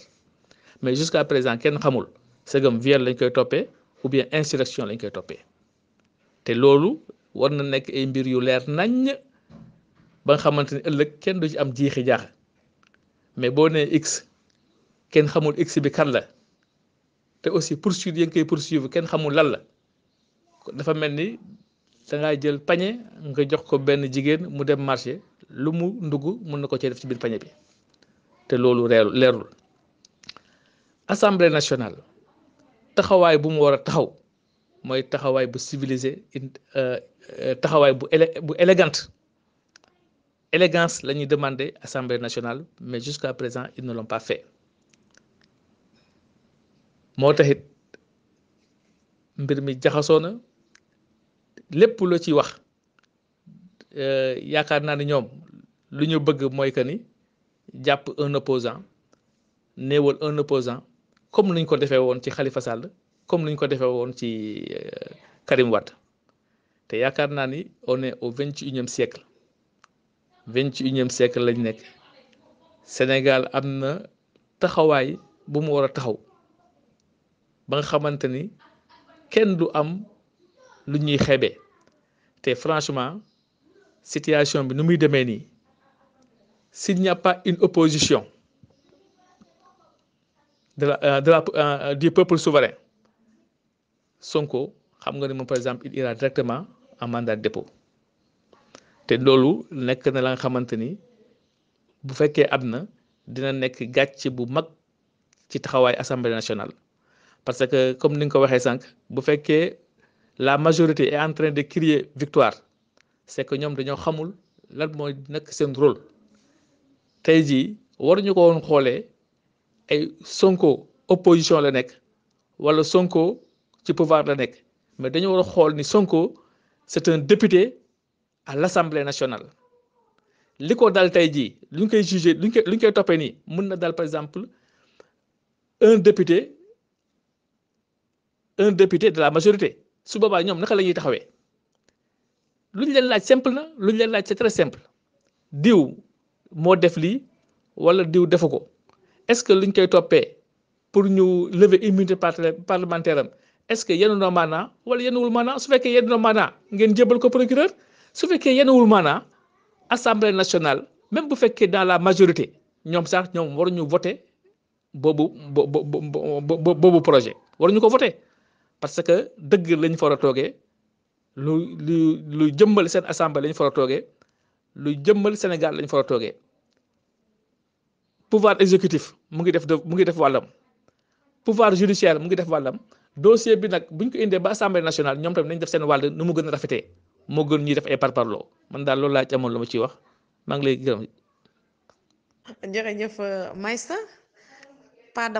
mais jusqu'à présent kenn xamul sëgam viol lañ koy topé ou bien insurrection lañ koy topé té lolu war na nek ay mbir yu leer nañ ba nga xamante ni kenn du ci am jiixi jax mais bo né x kenn xamul x bi kan te aussi poursuivi yi nga koy poursuivre kenn xamul lan la dafa mel da jël pañe nga jox ko benn mu dem marché lu mu na def ci bi te assemblée nationale taxawaay bu taxaw civilisé élégante élégance la ñuy assemblée nationale mais jusqu'à présent ils ne l'ont pas fait. moo taxit mbir mi jaxasoo na lépp lu ci wax eh, yaakaar naa ne ñoom lu ñu bëgg mooy que ni jàpp un opposant néewal un opposant comme ni ko defee woon ci xalifa Sall comme ni ko defee woon ci eh, Karim Wade te yaakaar naa ni au est au vingt et unième siècle vingt et unième siècle lañ nekk Sénégal am na taxawaay bu mu war a taxaw. ba xamanteni xamante kenn du am lu ñuy xebe te franchement situation bi nu muy demee nii s'il n'y a pas une opposition de la euh, de la euh, du peuple souverain Sonko xam nga ni moom par exemple il ira directement en mandat de dépôt te loolu nekk na la nga xamante ni bu fekkee am na dina nekk gàcce bu mag ci taxawaay assemblée nationale parce que comme ni nga ko la majorité est en train de crier victoire c'est que nous xamul c'est rôle opposition la nekk wala Sonko ci pouvoir mais dañu war a c'est un député à l'Assemblée nationale dal jugé par exemple un député un député de la majorité su baba ñom naka lañuy taxawé. taxawee leen laaj simple na lu leen laaj c'est très simple diw mo def li wala diw defu ko est-ce que luñ koy topé pour ñu lever immunité parlementaire est-ce que yenn noo maanaa wala yenn mana su fekkee yenn noo maanaa ngeen jébal ko procureur su fekkee yenn mana assemblée nationale même bu fekkee dans la majorité ñom sax waru ñu voter bobu bobu projet ñu ko voter parce que dëgg lañu fa a toogee lu lu lu jëmmal seen assemblée lañ fa a toogee lu jëmmal Sénégal lañ fa toogee pouvoir exécutif mu ngi def mu ngi def wàllam pouvoir judiciaire mu ngi def wàllam dossier bi nag bu ñu ko indee ba assemblée nationale ñoom tamit nañ def seen wàll nu mu gën a rafetee moo gën ñuy def ay parparloo man daal loolu laa ci amoon lu ma ciy wax maa ngi lay gërëm. jërëjëf Meissa pas de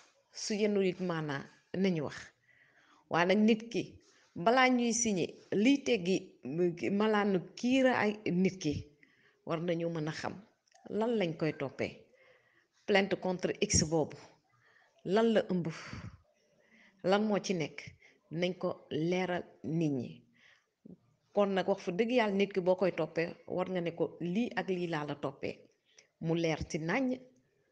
su yenu it maanaa nañu wax waaye nag nit ki balaa ñuy signé liy teggi malaanu kiira ay nit ki war nañu mën a xam lan lañ koy toppee plainte contre x boobu lan la ëmb lan moo ci nekk nañ ko leeral nit ñi kon nag wax fu dëgg yàlla nit ki boo koy toppee war nga ne ko lii ak lii laa la toppee mu leer ci nàññ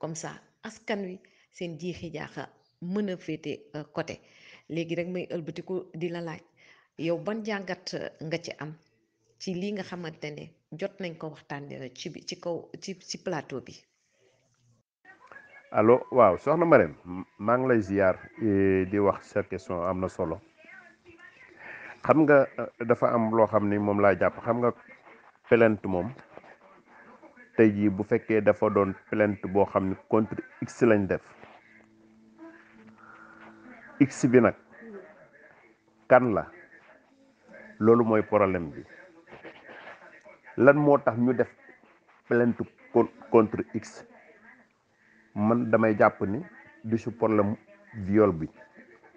comme ça askan wi seen jiixi jaaxa mën a féete euh, côté léegi rek may ëlbatiku di la laaj yow ban jàngat euh, nga ci am ci lii nga xamante ne jot nañ ko waxtaanee ci ci kaw ci ci plateau bi. allo waaw soxna Marème maa ngi lay ziar eh, di wax sa question am na solo xam nga euh, dafa am loo xam ni moom laa jàpp xam nga plainte moom tey jii bu fekkee dafa doon plainte boo xam ni contre x lañ def. x bi nag kan la loolu mooy problème bi lan moo tax ñu def plainte contre x man damay jàpp ni du su problème viol bi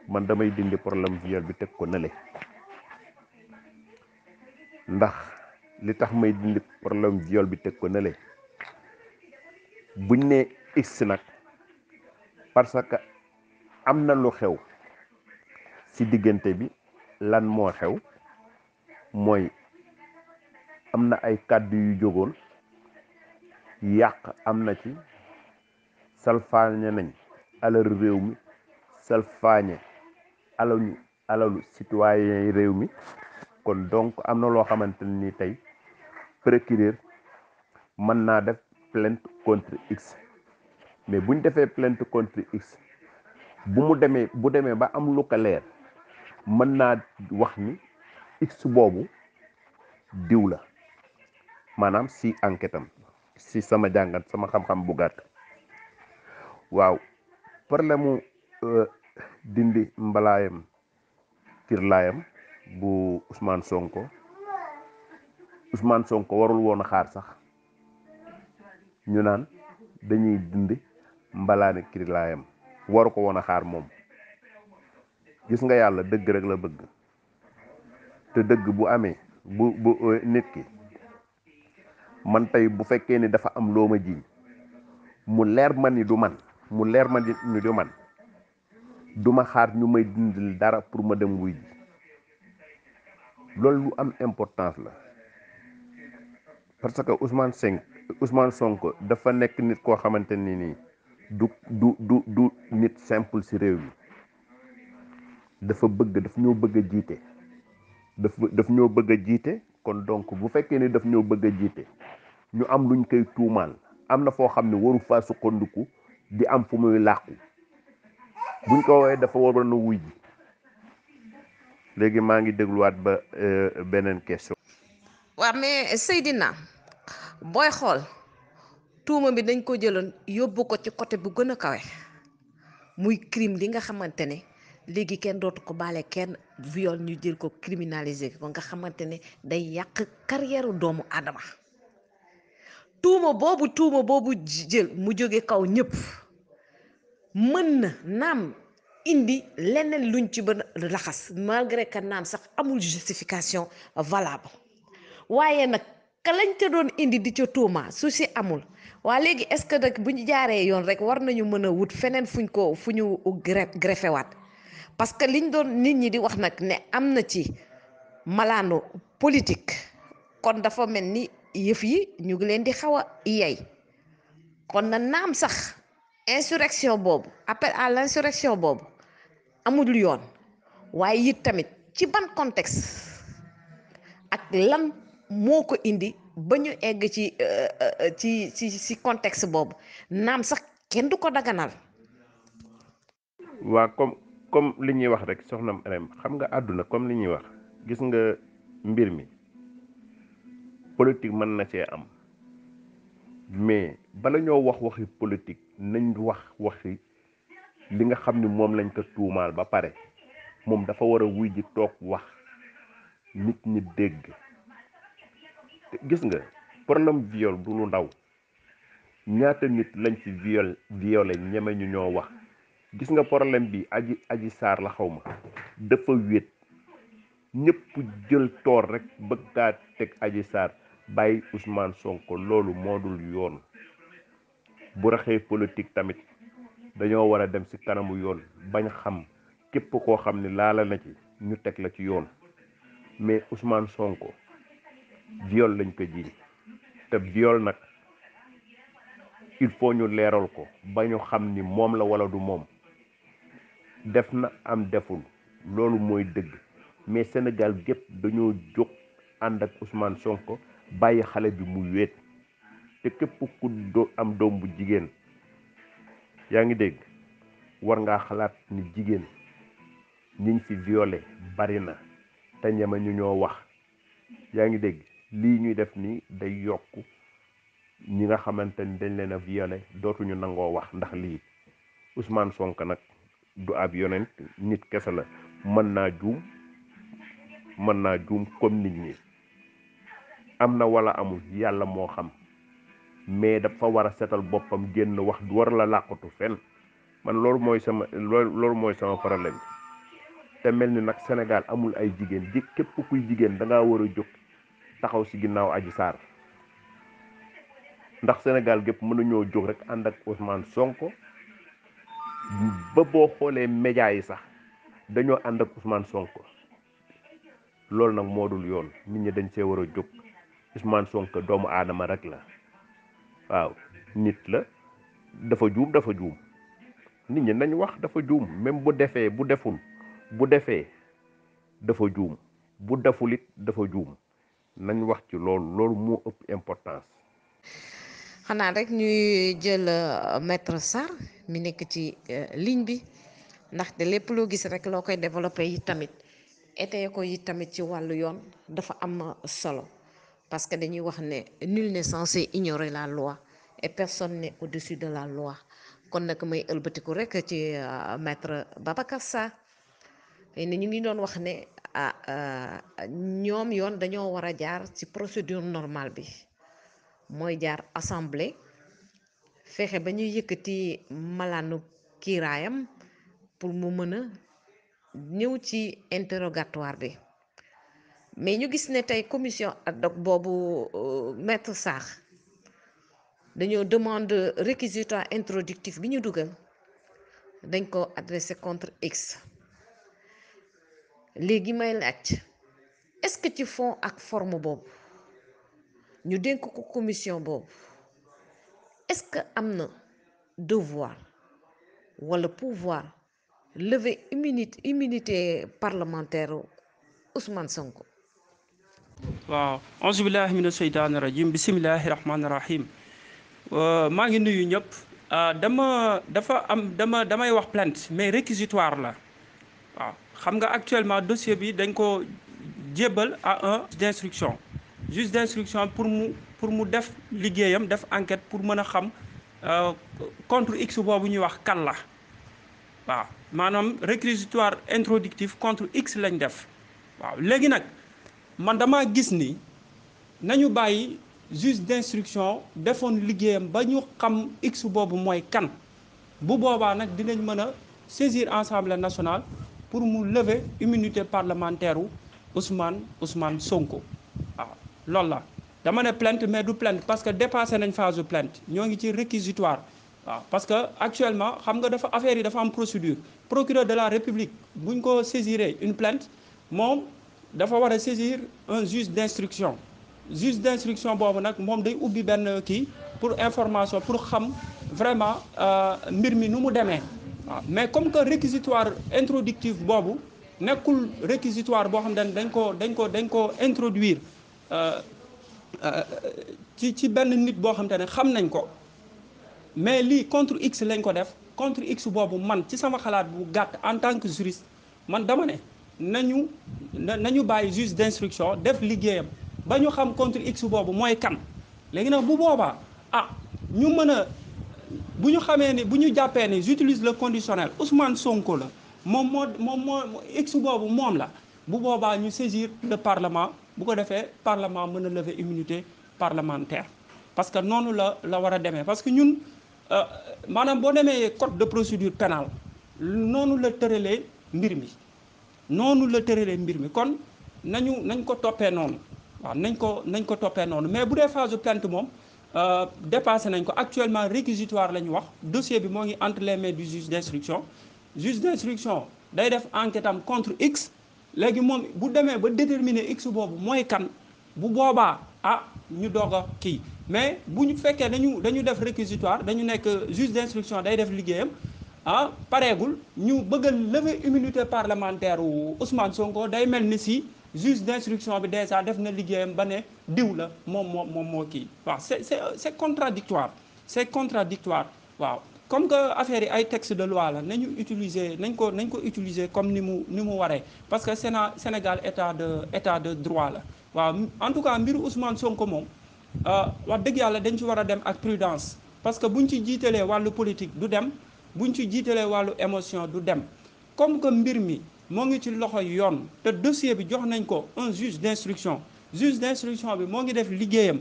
man damay dindi problème viol bi teg ko nële ndax li tax may dindi problème viol bi teg ko nële buñ ne x nag parce que am na lu xew ci diggante bi lan moo xew mooy am na ay kàddu yu jógoon yàq am na ci salfaañe nañ alalu réew mi salfaañe alalu alalu citoyen réew mi kon donc am na loo xamante ni tey procureur mën naa def plainte contre x mais buñ defee plainte contre x bu mu demee bu demee ba am lu ko leer mën naa wax ni x boobu diw la maanaam si enquête si sama jàngat sama xam-xam bu gàtt waaw problème mu euh, dindi mbalaayam kirlaayam bu usmaan Sonko usmaan Sonko warul woon a xaar sax ñu naan dañuy dindi mbalaane kirilaayam waru ko woon a xaar moom gis nga yàlla dëgg rek la bëgg te dëgg bu amee bu bu eh, nit ki man tey bu fekkee ni dafa am loo ma jiñ mu leer ma ni du man mu leer ma ni du man duma xaar ñu may dindil dara pour ma dem wuy ji loolu lu am importance la parce que Ousmane Seng Ousmane Sonko dafa nekk nit koo xamante ni du du du du nit simple si réew mi dafa bëgg daf ñoo bëgg a jiite daf daf ñoo bëgg a jiite kon donc bu fekkee ne daf ñoo bëgg a jiite ñu am lu luñ koy tuumaal am na foo xam ne waru faa sukkandiku di am fu muy làqu buñ ko woowee dafa waroon a léegi maa ngi dégluwaat ba euh, beneen question. waaw mais Seydina booy xool tuuma bi dañ ko jëloon yóbbu ko ci côté bu gën a kawe muy crime li nga xamante ne. léegi kenn dootu ko baale kenn viol ñu jël ko criminaliser ko nga xamante ne day yàq carrière doomu aadama tuuma boobu tuuma boobu jël mu jóge kaw ñëpp mën na naam indi leneen luñ ci ba laxas malgré que naan sax amul justification valable waaye nag ka lañ ca doon indi di ca tuuma su si amul waa léegi est-ce que nag bu ñu jaaree yoon rek war nañu mën a wut feneen fuñ ko fu ñu greffé parce que liñ doon nit ñi di wax nag ne am na ci malaanu politique kon dafa mel ni yëf yi ñu ngi leen di xaw a yey kon na naam sax insurrection boobu appel à l'insurrection boobu amul yoon waaye it tamit ci ban contexte ak lan moo ko indi ba ñu egg ci euh, euh, ci ci ci contexte boobu naam sax kenn du ko daganal waa comme comme li ñuy wax rek soxnam rem xam nga aduna comme li ñuy wax gis nga mbir mi politique man na cee am mais bala ñoo wax waxi politique nañ wax waxi li nga xam ni moom lañ ko tuumaal ba pare moom dafa war a wuy ji toog wax nit ñi dégg gis nga problème viol du lu ndaw ñaata nit lañ ci viol violé ñeme ñu ñoo wax gis nga problème bi aji aji saar la xawma ma dafa wéet ñëpp jël toor rek bëgg teg aji saar bàyyi Ousmane Sonko loolu moo dul yoon bu raxee politique tamit dañoo war a dem si kanamu yoon bañ xam képp koo xam ne laala na ci ñu teg la ci yoon mais Ousmane Sonko viol lañ ko jiiñ te viol nag il faut ñu leeral ko ba ñu xam ni moom la walla du moom def na am deful loolu mooy dëgg mais Sénégal gépp dañoo jóg ànd ak Ousmane Sonko bàyyi xale bi mu wéet te képp ku do am doom bu jigéen yaa ngi dégg war ngaa xalaat ni jigéen ñiñ fi violé bari na te ñeme ñu ñoo wax yaa ngi dégg lii ñuy def nii day yokk ñi nga xamante ni dañ leen a violé dootuñu nangoo wax ndax lii Ousmane Sonko nag du ab yonent nit kessa la man na djum man na djum comme nit ñi am wala amul yalla mo xam mais dafa war setal bopam genn wax war la laqatu fen man lor moy sama loolu moy sama problème te melni nak Senegal amul ay jigen di kep kuy jigen da nga wara a taxaw ci ginnaw aji sar ndax gep gépp ñoo rek andak ak Ousmane Sonko ba boo xoolee médias yi sax dañoo ànd ak Ousmane sonk loolu nag moo dul yoon nit ñi dañ see war a jóg Ousmane sonk doomu aadama rek la waaw nit la dafa juum dafa juum nit ñi nañ wax dafa juum même bu defee bu deful bu defee dafa juum bu defulit dafa juum nañ wax ci loolu loolu moo ëpp importance xanaa rek ñuy jël euh, maître sar, mi nekk ci euh, ligne bi ndaxte lépp loo gis rek loo koy développé yi tamit étayé ko yi tamit ci wàllu yoon dafa am solo parce que dañuy wax ne nul n'est censé ignorer la loi et personne n'est au-dessus de la loi kon nag may ëlbatiku rek ci euh, maître Babacar Sarr ne ñu ngi doon wax ne ah ñoom yoon dañoo war a jaar ci procédure normale bi mooy jaar assemblée fexe ba ñuy yëkkati malaanu kiiraayam pour mu mën a ñëw ci interrogatoire bi mais ñu gis ne tey commission ad hoc boobu euh, maître sax dañoo demande réquisitoire introductif bi ñu dugal dañ ko adressé contre X léegi may est-ce que ci fond ak forme boobu ñu dénk ko commission boobu est-ce que am na devoir wala pouvoir lever immunité immunité parlementaire Ousmane Sonko. waaw auzu billahi mina rajim bisimilahi rahmaani rahim euh, maa ngi nuyu ñëpp euh, dama dafa am dama damay wax plainte mais réquisitoire la waaw xam nga actuellement dossier bi dañ ko jébbal à un d'instruction juge d'instruction pour mu pour mu def liggéeyam def enquête pour mën a xam euh, contre x boobu ñuy wax kan la waaw maanaam réquisitoire introductif contre x lañ def waaw léegi nag man dama gis ni nañu bàyyi juge d'instruction defoon liggéeyam ba ñu xam x boobu mooy kan bu boobaa nag dinañ mën a saisir assemblée nationale pour mu lever immunité parlementaire ou Ousmane Ousmane Sonko loolu la dama ne plainte mais du plainte parce que dépassé nañ phase de plainte ñoo ngi ci réquisitoire parce que actuellement xam nga dafa affaire yi dafa am procédure procureur de la république buñ ko une plainte moom dafa war saisir un juge d'instruction. instruction juge d'instruction, instruction boobu nag moom day ubbi benn pour information pour xam vraiment euh, mbir mi nu mu mais comme que réquisitoire introductif boobu nekkul réquisitoire boo xam ne dañ ko dañ ko dañ ko introduire euh, euh, ci benn nit xam nañ mais contre x lañ ko contre x boobu man ci sama xalaat bu en tant que juriste man dama ne nañu nañu d'instruction def contre x boobu mooy kan léegi nag bu ah ñu ni j'utilise le conditionnel Ousmane Sonko la moom moo x bu saisir le parlement bu ko faire parlement mën lever immunité parlementaire parce que nous la la war parce que nous euh, madame boo demee code de procédure pénale nous la le les mi non la le mbir mi kon nañu nañ ko toppee non waaw nañ ko nañ ko mais bu la phase plainte euh, dépassé nañ ko actuellement réquisitoire le dossier bi entre les mains du juge d'instruction juge d'instruction day def enquête contre x léegi mom bu démé ba déterminer x bobu moy kan bu boba ah ñu doog ki mais buñu féké dañu dañu def réquisitoire dañu nek juge d'instruction day def liggéeyam ah parégul ñu bëgg lever immunité parlementaire ou Ousmane Sonko day melni si juge d'instruction bi déjà def na liggéeyam ba né diw la mom mom mo ki kii waaw c'est c'est c'est contradictoire c'est contradictoire waaw comme que affaire yi ay texte de loi la nañu utiliser nañ ko nañ ko utiliser comme ni mu ni mu waré parce que Sénat Sénégal état de état de droit la wa en tout cas mbiru Ousmane Sonko euh Wa deug yalla dañ ci wara dem ak prudence parce que buñ ci jitélé walu politique du dem buñ ci jitélé walu émotion du dem comme que mbir mi mo ngi ci loxo yoon te dossier bi jox nañ ko un juge d'instruction juge d'instruction bi mo ngi def liggéeyam.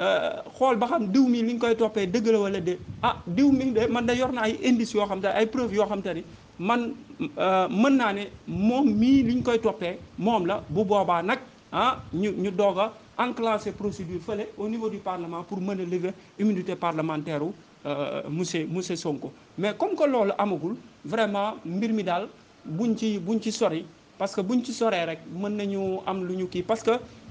Euh, xool ba xam diw mii li ñu koy toppee dëgg la wala de ah diw mi de man da yor na ay indice yoo xam te ay preuve yoo xam te ni man euh, mën naa ne moom mii luñ koy toppee moom la bu boobaa nag ah ñu ñu doog a enclenché procédure fële au niveau du parlement pour mën a lever immunité parlementaire wu euh, monsieur monsieur Sonko mais comme que loolu amagul vraiment mbir mi daal buñ ci buñ ci sori parce que buñ ci soree rek mën nañu am lu ñu kii parce que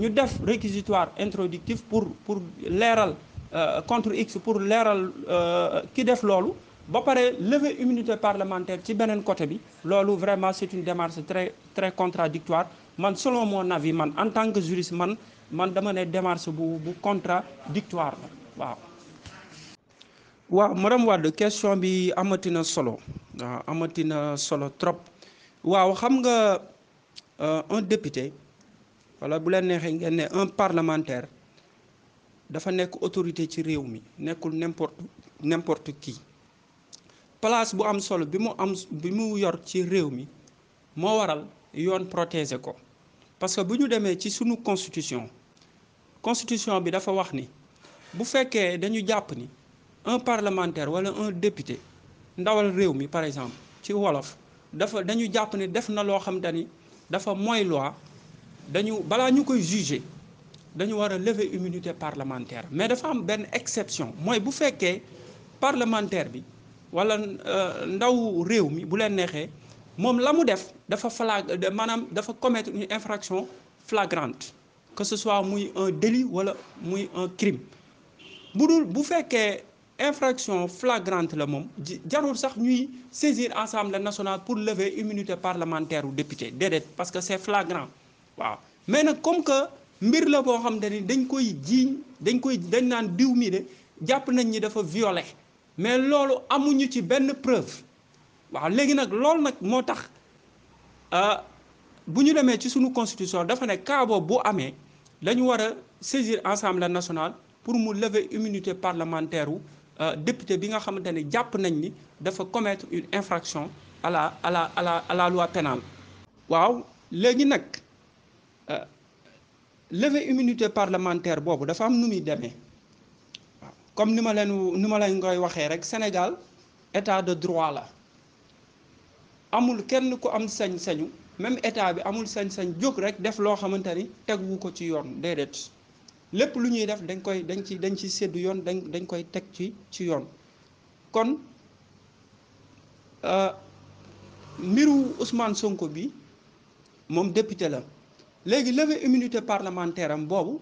ñu def réquisitoire introductif pour pour leeral euh, contre X pour leeral euh, ki def lolu ba paré lever immunité parlementaire ci benen côté bi lolu vraiment c'est une démarche très très contradictoire man selon mon avis man en tant que juriste man man dama né démarche bu bu contradictoire waaw. waaw madame wad question bi amatina solo amatina solo trop waaw xam nga euh, un député wala bu leen neexee ngeen ne un parlementaire dafa nekk autorité ci réew mi nekkul n'importe n'importe qui place bu am solo bi mu am bi mu yor ci réew mi moo waral yoon protéger ko parce que bu ñu demee ci sunu constitution constitution bi dafa wax ni bu fekkee dañu jàpp ni un parlementaire wala un député ndawal réew mi par exemple ci wolof dafa dañu jàpp ni def na loo xam ni dafa mooy loi nous ne juger dañu lever immunité parlementaire mais y a une exception Si bu parlementaire bi wala euh, ndaw réew mi bu euh, commettre une infraction flagrante que ce soit un délit ou un crime Si dul bu infraction flagrante la mom saisir l'Assemblée nationale pour lever l'immunité parlementaire ou député parce que c'est flagrant waaw mais nag comme que mbir la boo xam te ni dañ koy jiiñ dañ koy dañ naan diw mi de jàpp nañ ñi dafa violé mais loolu amuñu ci benn preuve waaw léegi nag loolu nag moo tax euh, bu ñu demee ci sunu constitution dafa ne cas boobu bu amee dañu war a saisir nationale pour mu lever immunité parlementaire wu euh, député bi nga xamante ne jàpp nañ ni dafa commettre une infraction à la à la à la loi pénale waaw léegi nag euh, levée immunité parlementaire bobu dafa am nu démé comme nima ma leen ni ma leen rek Sénégal état de droit la amul kenn ku am sañ-sañu même état bi amul sañ-sañ jóg rek def lo xamante ni ko ci yoon déedéet lépp lu ñuy def dañ koy dañ ci dañ ci séddu yoon dañ dañ koy tek ci ci yoon kon euh, mbiru Ousmane Sonko bi mom député la léegi levée immunité parlementaire am bobu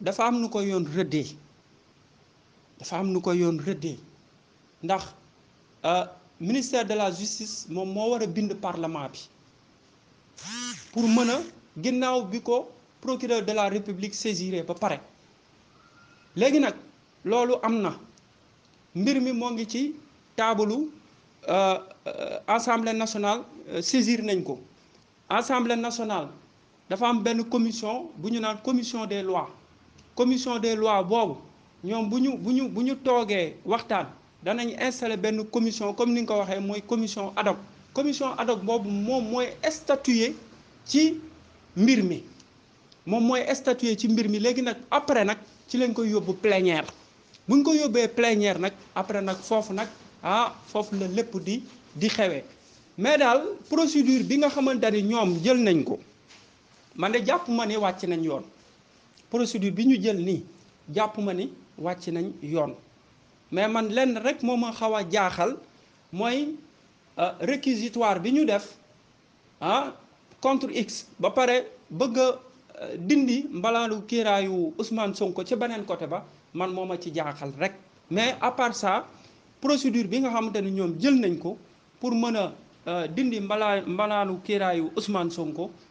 dafa am nuko ko yoon dafa am nuko ko yoon ndax euh ministère de la justice mom mo wara bind parlement bi pour mën a biko procureur de la république saisiré ba paré léegi nak lolu amna na mbir mi moo ngi ci euh, euh assemblée nationale euh, saisir nañ ko assemblée nationale dafa am une commission bu commission des lois commission des lois boobu ñoom bu ñu bu ñu bu ñu toogee commission comme ni nga commission ad hoc commission ad hoc boobu moom mooy statuer ci mbir mi moom mooy statuer ci mbir mi après ci lañ koy plénière plénière après nag ah, la di di mais procédure bi nga jël man de jàpp ma ni wàcc nañ yoon procédure bi ñu jël nii jàpp ma ni wàcc nañ yoon mais man lenn rek moo ma xaw a jaaxal mooy euh, réquisitoire bi ñu def ah contre x ba pare bëgg a euh, dindi mbalaanu kiiraayu Ousmane Sonko ci beneen côté ba man moo ma ci jaaxal rek mais à part ça procédure bi nga xamante ni ñoom jël nañ ko pour mën a euh, dindi mbala mbalaanu kiiraayu Ousmane Sonko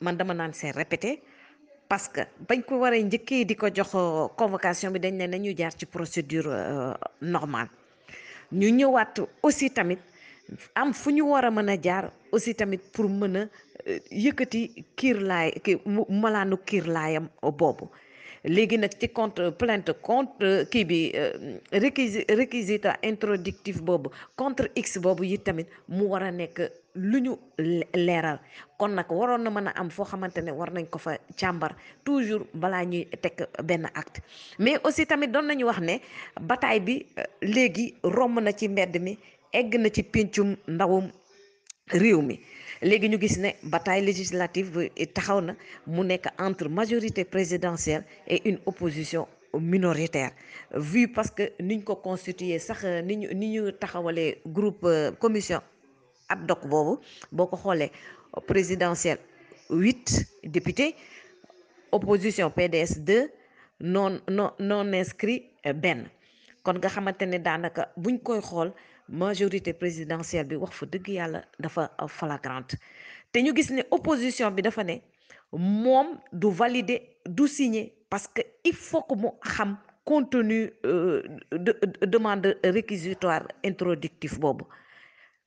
man dama naan c'est répété parce que bañ ko waree njëkkee di ko jox convocation bi dañ ne nañu jaar ci procédure euh, normale ñu ñëwaat aussi tamit am fu ñu war a mën a jaar aussi tamit pour mën a euh, yëkkati kiir laay ki malaanu kiir laayam boobu léegi nag ci contre plainte contre euh, kii bi requisita introductif boobu contre x boobu yi tamit mu war a nekk lu ñu leeral kon nag waroon na mën a am foo xamante ne war nañ ko fa càmbar toujours balaa ñuy teg benn acte mais aussi tamit doon nañu wax ne bataille bi euh, léegi romb na ci mbedd mi egg na ci péncum ndawum réew mi léegi ñu gis ne bataille législative taxaw na mu nekk entre majorité présidentielle et une opposition minoritaire vu parce que niñ ko constituer sax euh, ni ñu ni ñu taxawalee groupe euh, commission ab dok boobu boo ko xoolee présidentielle 8, députés opposition PDS 2, non non non inscrit euh, Ben. kon nga xamante ne daanaka buñ koy xool majorité présidentielle bi wax fa dëgg yàlla dafa flagrante te ñu gis ne opposition bi dafa ne moom du valider du signer parce que il faut que mu xam contenu euh, de demande réquisitoire introductif boobu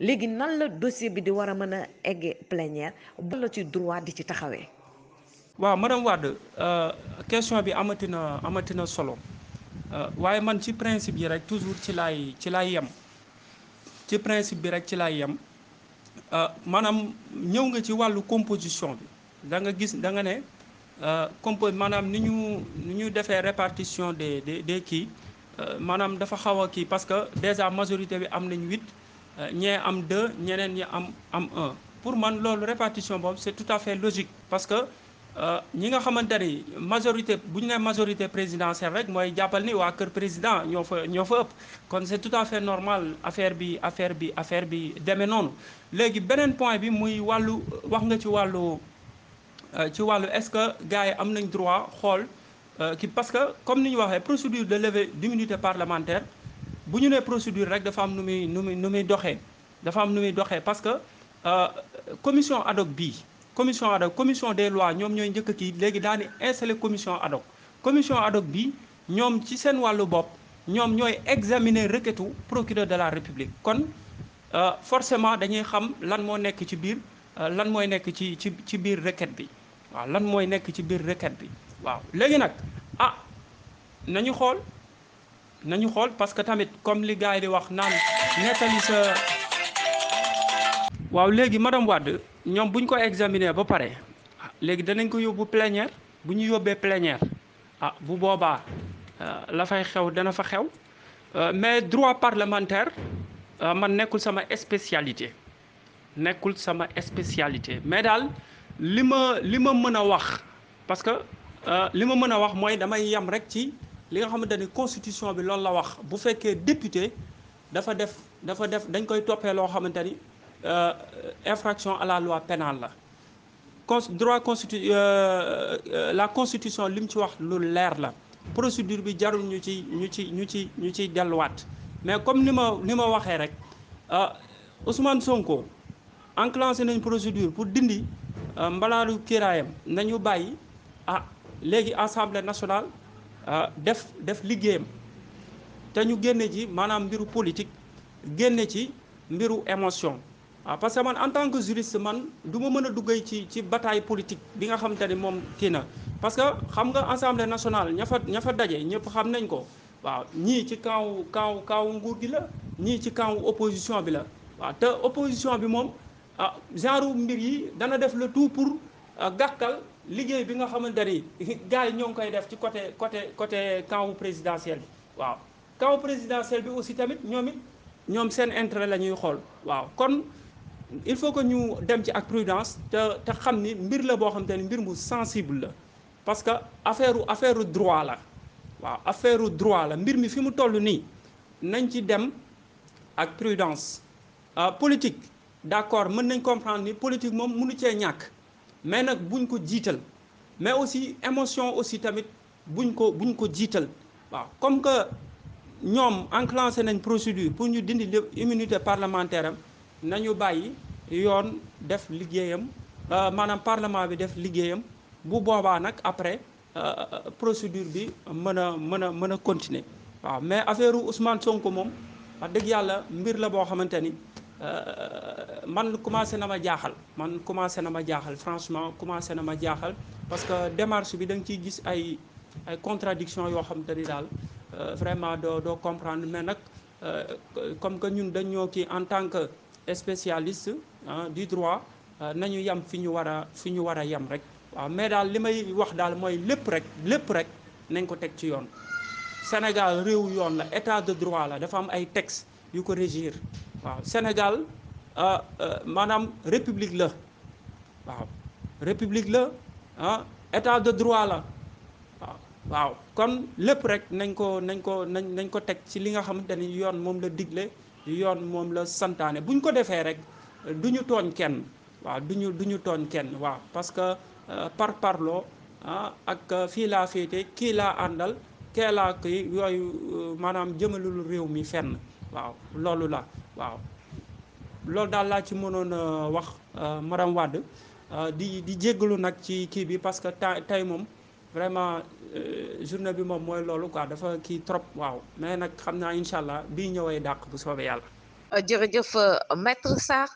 léegi nan la dossier bi di war a mën a egg plénière la ci droit di ci taxawee. waaw madame Wade euh, question bi amatina na solo euh, waaye man ci principe yi rek toujours ci laay ci laay yem ci principe bi rek ci laay yem euh, maanaam ñëw nga ci wàllu composition bi da nga gis da nga ne compo maanaam ni ñu ni ñu defee répartition des des des kii maanaam dafa xaw a kii parce que déjà majorité bi am nañu huit. Euh, ñee am 2 ñeneen ñi am am 1 pour man loolu répartition boobu c'est tout à fait logique parce que euh, ñi nga xamante ni majorité bu ñu nee majorité présidentielle rek mooy jàppal ni waa kër président ñoo fa ñoo fa ëpp kon c'est tout à fait normal affaire bi affaire bi affaire bi demee noonu léegi beneen point bi muy wàllu wax nga ci wàllu euh, ci wàllu est-ce que gars yi am nañ droit xool ki parce que comme ni ñu waxee procédure de levée d'immunité parlementaire bu ñu nee procédure rek dafa am nu muy nu muy nu muy doxee dafa am nu muy doxee parce que euh, commission ad hoc bii commission ad hoc commission des lois ñoom ñooy njëkk kii léegi daani installé commission ad hoc commission ad hoc bii ñoom ci seen wàllu bopp ñoom ñooy examiner requête procureur de la république kon euh, forcément dañuy xam lan moo nekk ci biir euh, lan mooy nekk ci ci ci biir requête bi waaw lan mooy nekk ci biir requête bi waaw léegi nag ah nañu xool nañu xol parce que tamit comme li gars yi di wax naan nettali sa. waaw léegi madame Wade ñoom buñ ko examiner ba pare léegi danañ ko yóbbu plénière bu ñu yóbbee plénière ah bu boobaa euh, la fay xew dana fa xew euh, mais droit parlementaire euh, man nekkul sama spécialité nekkul sama spécialité mais daal li ma li ma mën a wax parce que li ma mën a wax mooy damay yam rek ci li nga constitution bi loolu la wax bu fekkee député dafa def dafa def dañ koy euh, infraction à la loi pénale la droit euh, euh, la constitution lim ci wax la procédure bi jarul ñu ci ñu mais comme ni ma ni Ousmane Sonko nañ procédure pour dindi mbalaanu kiiraayam nañu ah nationale. Ah, def def liggéeyam te ñu génne ci maanaam mbiru politique génne ci mbiru émotion ah parce que man en tant que juriste man du ma mën a duggay ci ci bataille politique bi nga xamante ni moom kii na parce que xam nga assemblée nationale ña fa ña fa daje ñëpp xam nañ ko waaw ñii ci kaw kaw kaw nguur gi la ñii ci kaw opposition bi la waaw te opposition bi moom ah, genre mbir yi dana def le tout pour ah, gàkkal liggéey bi nga xamante gaay ñong koy def ci côté côté côté camp présidentiel waaw camp présidentiel bi aussi tamit ñoom ñom ñoom seen intérêt la ñuy xool waaw kon il faut que ñu dem ci ak prudence te te xamni mbir la bo xamante mbir mu sensible la parce que affaire affaire droit la waaw affaire droit la mbir mi fi mu toll nii nañ ci dem ak prudence ah, politique d'accord mën nañ comprendre ni politique mom mënu ci ñàkk mais nak buñ ko jital mais aussi émotion aussi tamit buñ ko buñ ko jital waaw comme que ñom enclenché nañ procédure pour ñu dindi immunité parlementaire nañu bayyi yoon def liggéeyam euh, manam parlement bi def liggéeyam bu boba nak après euh, euh, procédure bi mëna mëna mëna continuer waaw mais affaire Ousmane Sonko mom wax dëgg yàlla mbir la boo xamante ni. Euh, man commencé na ma jaaxal man commencé na ma jaaxal franchement commencé na ma jaaxal parce que démarche bi dang ci ciy gis ay ay contradiction yo xam te dal euh, vraiment do comprendre mais nak euh, comme que ñun dañoo ki en tant que spécialiste hein, du droit nañu yam fiñu wara fiñu wara yam rek mais dal limay wax dal moy lepp rek lepp rek nañ ko tek ci yoon Sénégal réew yoon la état de droit la dafa am ay textes yu ko régir waaw Sénégal euh, euh, maanaam république la waaw république la ah état de droit la waaw waaw kon lépp rek nañ ko nañ ko nañ nañ ko teg ci li nga xamante ni yoon moom la digle yoon moom la santaane buñ ko defee rek du ñu tooñ kenn waaw duñu ñu du ñu tooñ kenn waaw parce que euh, par parloo ah, ak fii laa féete kii laa àndal kee laa kii yooyu maanaam jëmalul réew mi fenn waaw loolu la waaw loolu daal laa ci mënoon euh, wax euh, Maram Wade euh, di di jéggalu nag ci kii bi parce que tay tey moom vraiment journée bi moom mooy loolu quoi dafa kii trop waaw mais nag xam naa incha allah bii ñëwee dàq bu soobee yàlla. jërëjëf maître Sarr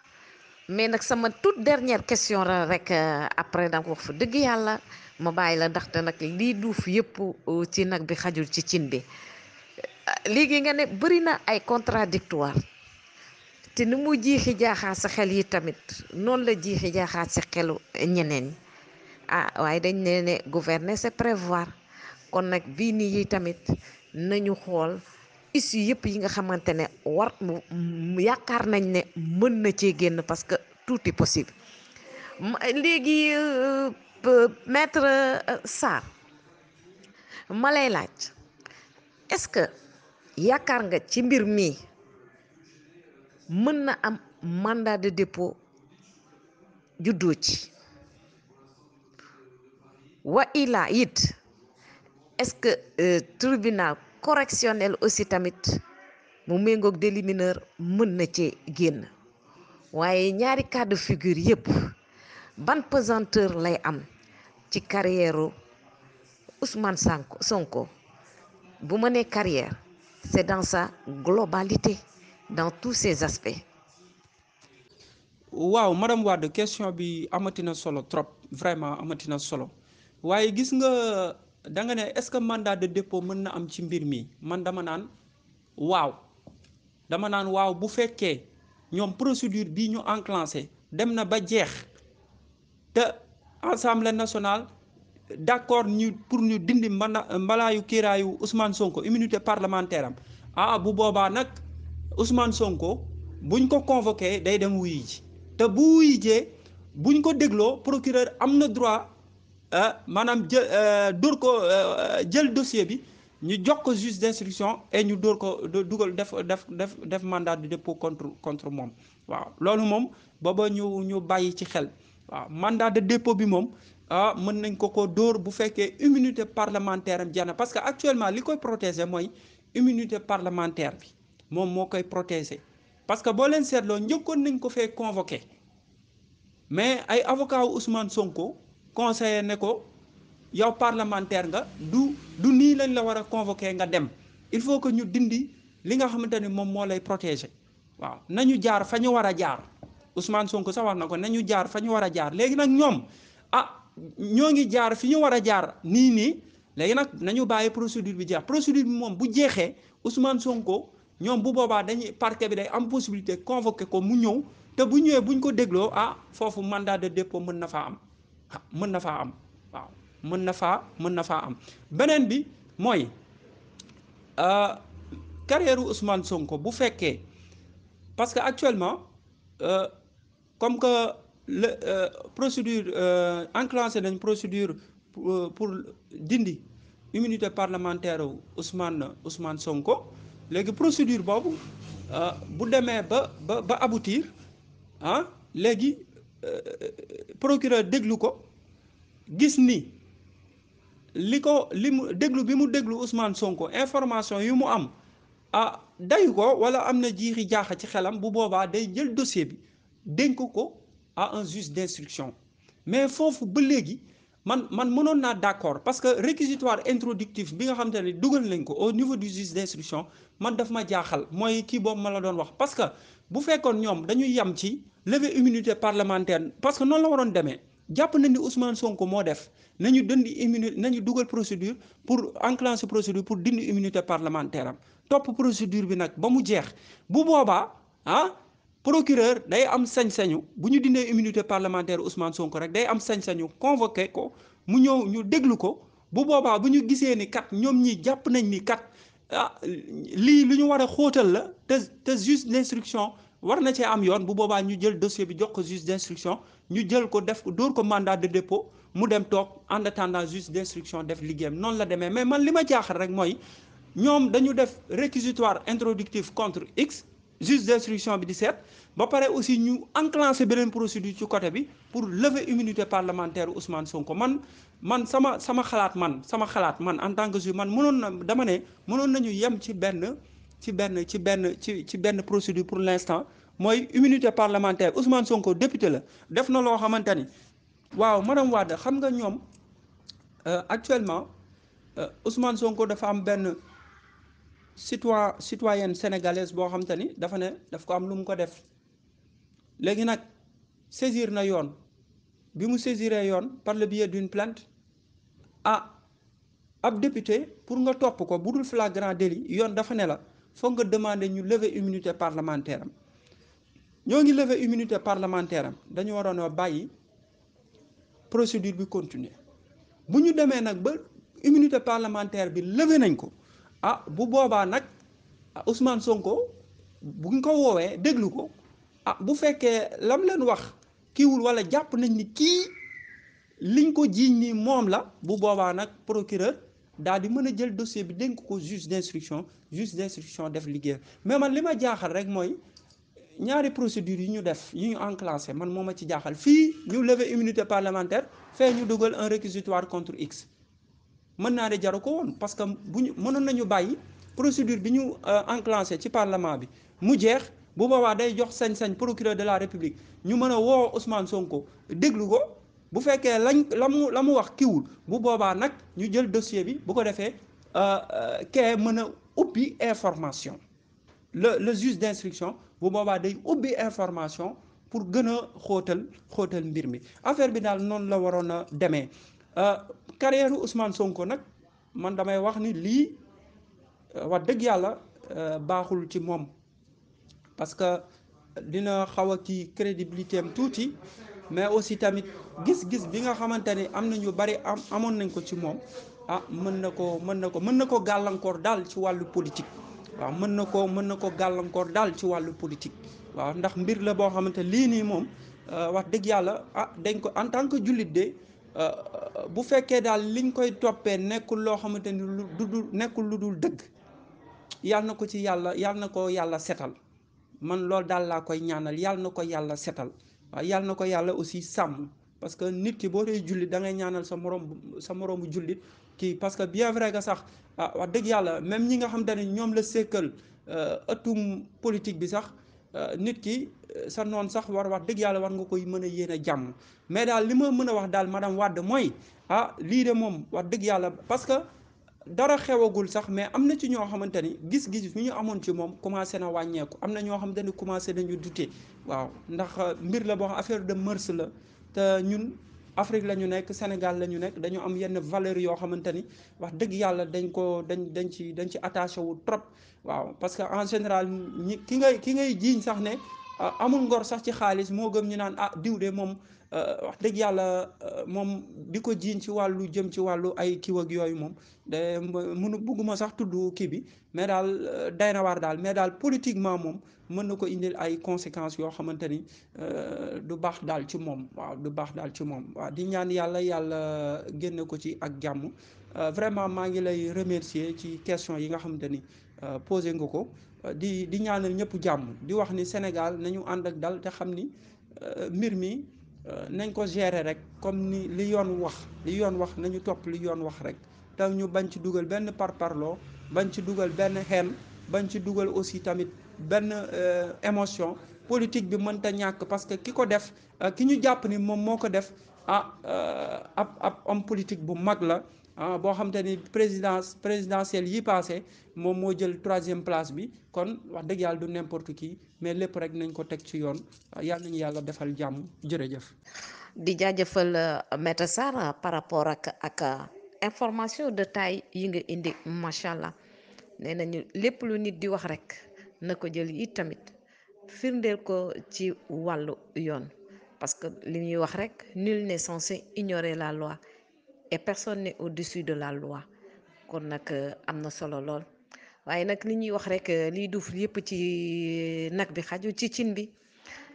mais nag sama toute dernière question la rek après da nga wax dëgg yàlla ma bàyyi la ndaxte nag lii duuf yëpp ci nag bi xajul ci cin bi. léegi nga ne bëri na ay contradictoire te ni mu jiixi jaaxaat sa xel yi tamit noonu la jiixi jaaxaat sa xelu ñeneen ñi ah waaye dañ ne ne gouverner c'est prévoir kon nag bii nii yi tamit nañu xool issu yëpp yi nga xamante ne war yaakaar nañ ne mën na cee génn parce que tout possible léegi euh, euh, maître euh, Sarr ma lay laaj est-ce que yaakaar nga ci mbir mii mën na am mandat de dépôt juddoo ci wa ilaa it est-ce que euh, tribunal correctionnel aussi tamit mu méngoog délit mineur mën na ci génn waaye ñaari cas de figure yépp ban pesanteur lay am ci carrière sanko Sonko bu ma nee carrière C'est dans sa globalité, dans tous ses aspects. Wow, madame Wade question bi amatina solo trop vraiment amatina solo Waye gis nga da nga né est-ce que mandat de dépôt mën na am ci mbir mi man dama naan waaw dama nan waaw bu fekkee ñom procédure bi ñu enclenché dem na ba jeex te assemblée nationale d'accord ñu pour ñu dindi mbana euh, Kirayou Ousmane Sonko immunité parlementaire am ah bu boba nak Ousmane Sonko buñ ko convoqué day dem wuyu ji te bu wuyu buñ ko dégloo procureur amna droit euh, maanaam manam euh, dur ko jël dossier bi ñu jox ko juge d'instruction et ñu dur ko dugal def def def mandat de dépôt contre contre mom waaw lolu mom booba ñu ñu bayyi ci xel waaw mandat de dépôt bi mom ah mën nañ ko ko dóor bu fekkee immunité parlementaire am jana parce que actuellement li koy protéger mooy immunité parlementaire bi moom moo koy protéger parce que boo leen seetloo njëkkoon nañ ko fee convoqué mais ay avocat wu Ousmane Sonko conseiller ne ko yow parlementaire nga du du nii lañ la war a convoqué nga dem il faut que ñu dindi li nga xamante ni moom moo lay protéger waaw nañu jaar fa ñu war a jaar Ousmane Sonko sax wax na ko nañu jaar fa ñu war a jaar léegi nag ñoom ah. ñoo ngi jaar fi ñu war a jaar nii nii léegi nag nañu bàyyi procédure bi jeex procédure bi moom bu jeexee Ousmane Sonko ñoom bu boobaa dañuy parquet bi day am possibilité convoqué ko mu ñëw te bu ñëwee buñ ko dégloo ah foofu mandat de dépôt mën na faa am mën na faa am waaw mën na faa mën na faa am beneen bi mooy euh, carrière Ousmane Sonko bu fekkee parce que actuellement euh, comme que le euh, procédure euh, enclenché une procédure euh, pour dindi immunité parlementaire Ousmane Ousmane Sonko légui procédure euh, bu démé ba ba ba aboutir ah, légui euh, procureur déglou ko gis ni liko limu déglou déglu bi mu déglu Ousmane Sonko information yu mu am ah dayu ko wala amna na jaxa ci xelam bu boba day jël dossier bi dénk ko à un juge d'instruction mais vous ba légui man man mënoon n'a d'accord parce que réquisitoire introductif bi nga le double dugal nañ ko au niveau du juge d'instruction man daf ma jaaxal moy ki boobu ma la doon wax parce que bu faites ñom dañuy yam ci lever immunité parlementaire parce que non la waron démé japp nañ ni Ousmane Sonko mo def nañu minute immunité nañu dugal procédure pour enclencher procédure pour dindi immunité parlementaire top procédure bi nak ba mu jeex bu boba hein ah, procureur day am sañ-sañu immunité parlementaire Ousmane Sonko rek day am sañ-sañu convoqué ko mu ñu déglu ko bu boba bu ñu ni kat ñom ñi japp nañ ni kat ah, li la dossier bi jox ko d'instruction ñu jël ko mandat de dépôt mu dem en attendant d'instruction def non la mais man rek réquisitoire introductif contre X juge d'instruction bi di seet ba pare aussi ñu enclencher beneen procédure ci côté bi pour lever immunité parlementaire Ousmane Sonko man man sama sama xalaat man sama xalaat man en tant que juge man mënoon na dama ne mënoon nañu yem ci benn ci benn ci benn ci ci benn procédure pour l'instant mooy immunité parlementaire Ousmane Sonko député la def na loo xamante ni waaw madame Wade xam nga ñoom euh, actuellement euh, Ousmane Sonko dafa am benn citoyen citoyenne sénégalaise bo xam dafa ne daf ko am lu mu ko def légui nak saisir na yoon bi mu saisiree yoon par le biais d'une plainte ah ab député pour nga top ko bu flagrant délit yoon dafa ne la fo nga demander ñu lever immunité parlementaire am ñoo ngi lever immunité parlementaire dañu warono bayyi procédure bi continuer bu ñu demee nag ba immunité parlementaire bi lever nañ ko ah bu boba nak ah, Ousmane Sonko ngi ko wowe déglu ko ah bu fekke lam len wax wul wala japp nañ ni ki liñ ko jiiñ ni moom la bu boba nak procureur dal di meuna jël dossier bi dénk ko juge d'instruction juge d'instruction def liggéeyam mais man lima jaxal rek moy ñaari procédure yi ñu def yi ñu enclenché man moma ci jaxal fi ñu lever immunité parlementaire fait ñu dugal un réquisitoire contre X mën naa de jaru ko parce que buñu ñu mënoon nañu bayyi procédure biñu ñu euh, enclenché ci parlement bi mu jeex bu boobaa day jox sañ-sañ procureur de la république ñu mëna wo Ousmane Sonko déglu ko bu féké lañ lamu mu wax kiwul bu boba nak ñu jël dossier bi bu ko défé euh, euh ké mëna ubbi information le le juge d'instruction bu boobaa day ubbi information pour gëna xotal xotal mbir mi affaire bi dal non la warona démé Euh, carrière Ousmane Sonko nag man damay wax ni lii euh, wax dëgg yàlla euh, baaxul ci moom parce que dina xaw a kii crédibilité am tuuti mais aussi tamit gis-gis bi nga xamante ni am na ñu bari am amoon nañ ko ci moom ah mën na ko mën na ko mën na ko gàllankoor daal ci wàllu politique waaw mën na ko mën na ko gàllankoor daal ci wàllu politique waaw ndax mbir la boo xamante lii nii moom wax dëgg yàlla ah dañ ko en tant que jullit de. Euh, bu fekkee daal liñ koy toppee nekkul loo xamante ni lu dul nekkul lu dul dëgg yal na ko ci yàlla yal na ko yàlla setal man loolu daal laa koy ñaanal yal na ko yàlla setal waaw na ko yàlla aussi sàmm parce que nit ki boo dee jullit da ngay ñaanal sa morom sa moroomu jullit kii parce que bien vrai que sax ah dëgg yàlla même ñi nga xam te ne ñoom la sekkal euh, ëttum politique bi sax Euh, nit ki euh, sa noon sax war wax dëgg yàlla war nga koy mën a yéene jàmm mais daal li ma mën a wax daal ma dam Wade mooy ah lii de moom war dëgg yàlla parce que dara xewagul sax mais am na ci ñoo xamante ni gis-gis bi ñu amoon ci moom commencé na wàññeeku am na ñoo xamante ni commencé nañu dute waaw ndax euh, mbir la boo xam affaire de mœurs la te ñun. Afrique la ñu nekk Sénégal lañu nekk dañu am yenn valeur yoo xamante ni wax dëgg yàlla dañ ko dañ dañ ci dañ ci attaché wu trop waaw parce que en général ñi ki ngay ki ngay jiiñ sax ne ah, amul ngor sax ci xaalis moo gëm ñu naan ah diw de moom Euh, wax dëgg yàlla euh, moom di ko jiiñ ci wàllu jëm ci wàllu ay kiw ak yooyu moom de mënu bugguma sax tudd kii bi mais daal euh, day na daal mais daal politiquement moom mën na ko indil ay conséquences yoo xamante ni du baax daal ci moom waaw du baax daal ci moom waaw di ñaan yàlla yàlla génne ko ci ak jàmm vraiment maa ngi lay remercier ci question yi nga xamante ni posé nga ko di di ñaanal ñëpp jàmm di wax ni Sénégal nañu ànd ak dal te xam ni mbir mi Euh, nañ ko gérer rek comme ni li yoon wax li yoon wax nañu topp li yoon wax rek te ñu bañ ci dugal benn parparloo bañ ci dugal benn xel bañ ci dugal aussi tamit benn euh, émotion politique bi mënta ñàkk parce que ki ko def euh, ki ñu jàpp ni moom moo ko def ah ab ab homme politique bu mag la ah boo xam ni présidence présidentielle yi passé moom moo jël troisième place bi kon wax dëgg yàlla du n'importe qui mais lépp rek nañ ko teg ci yoon ah, yàlla nañu yàlla defal jàmm jërëjëf. di jaajëfal euh, maître Sarr euh, par rapport ak ak euh, information de taille yi nga indi macha allah ne nañu lépp lu nit di wax rek na ko jël yi tamit firndeel ko ci wàllu yoon parce que li ñuy wax rek nul n'est censé ignorer la loi. personne n'est au-dessus de la loi kon nak euh, amna solo lol. Waye nak li wax rek euh, li duuf yépp ci euh, nak bi xaju ci cin bi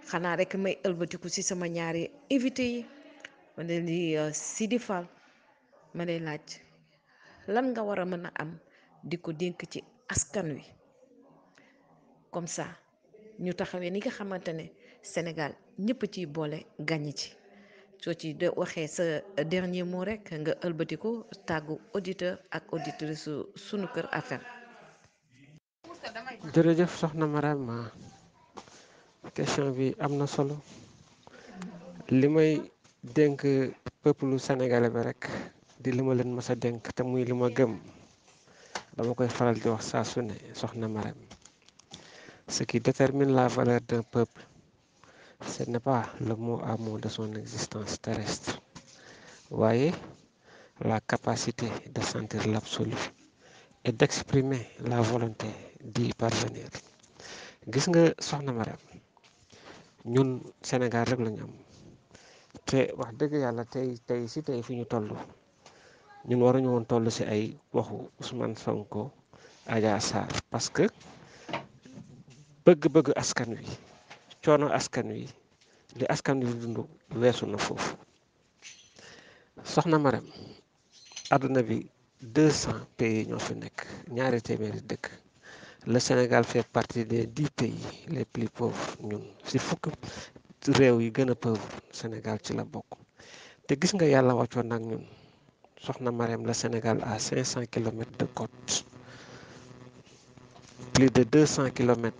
Xana rek may ëlbeutiku ci sama ñaari invité yi li Sidi Fall ma laaj lan nga wara a am diko denk ci askan wi comme ça ñu taxawé ni nga Sénégal ñëpp petit bolé, gagné. ci soo ci de waxee sa dernier mot rek nga ëlbatiku tàggu auditeur ak auditrice su sunu kër affaire. jërëjëf soxna Marème ah, question bi am na solo li may dénk lu sénégalais bi rek di li ma leen mës a dénk te muy li ma gëm dama koy faral di wax saa su soxna Marème ce qui détermine la valeur d'un peuple. Ce n'est pas le mot amour de son existence terrestre. Vous voyez la capacité de sentir l'absolu et d'exprimer la volonté d'y parvenir. gis nga soxna rek ñun Sénégal rek lañu am te wax dëgg yàlla tey tey si tey fi ñu toll ñun waruñu woon toll si ay waxu Ousmane Sonko Adja Sarr parce que bëgg-bëgg askan wi coono askan wi li askan wi dund weesu na foofu soxna Marem aduna bi 200 pays ñoo fi nekk ñaari téeméeri dëkk le Sénégal fait partie des dix pays les plus pauvres ñun si fukk réew yi gën a pauvre Sénégal ci la bokk te gis nga yàlla wàccoon ak ñun soxna Marem le Sénégal à 500 km de côte plus de 200 km.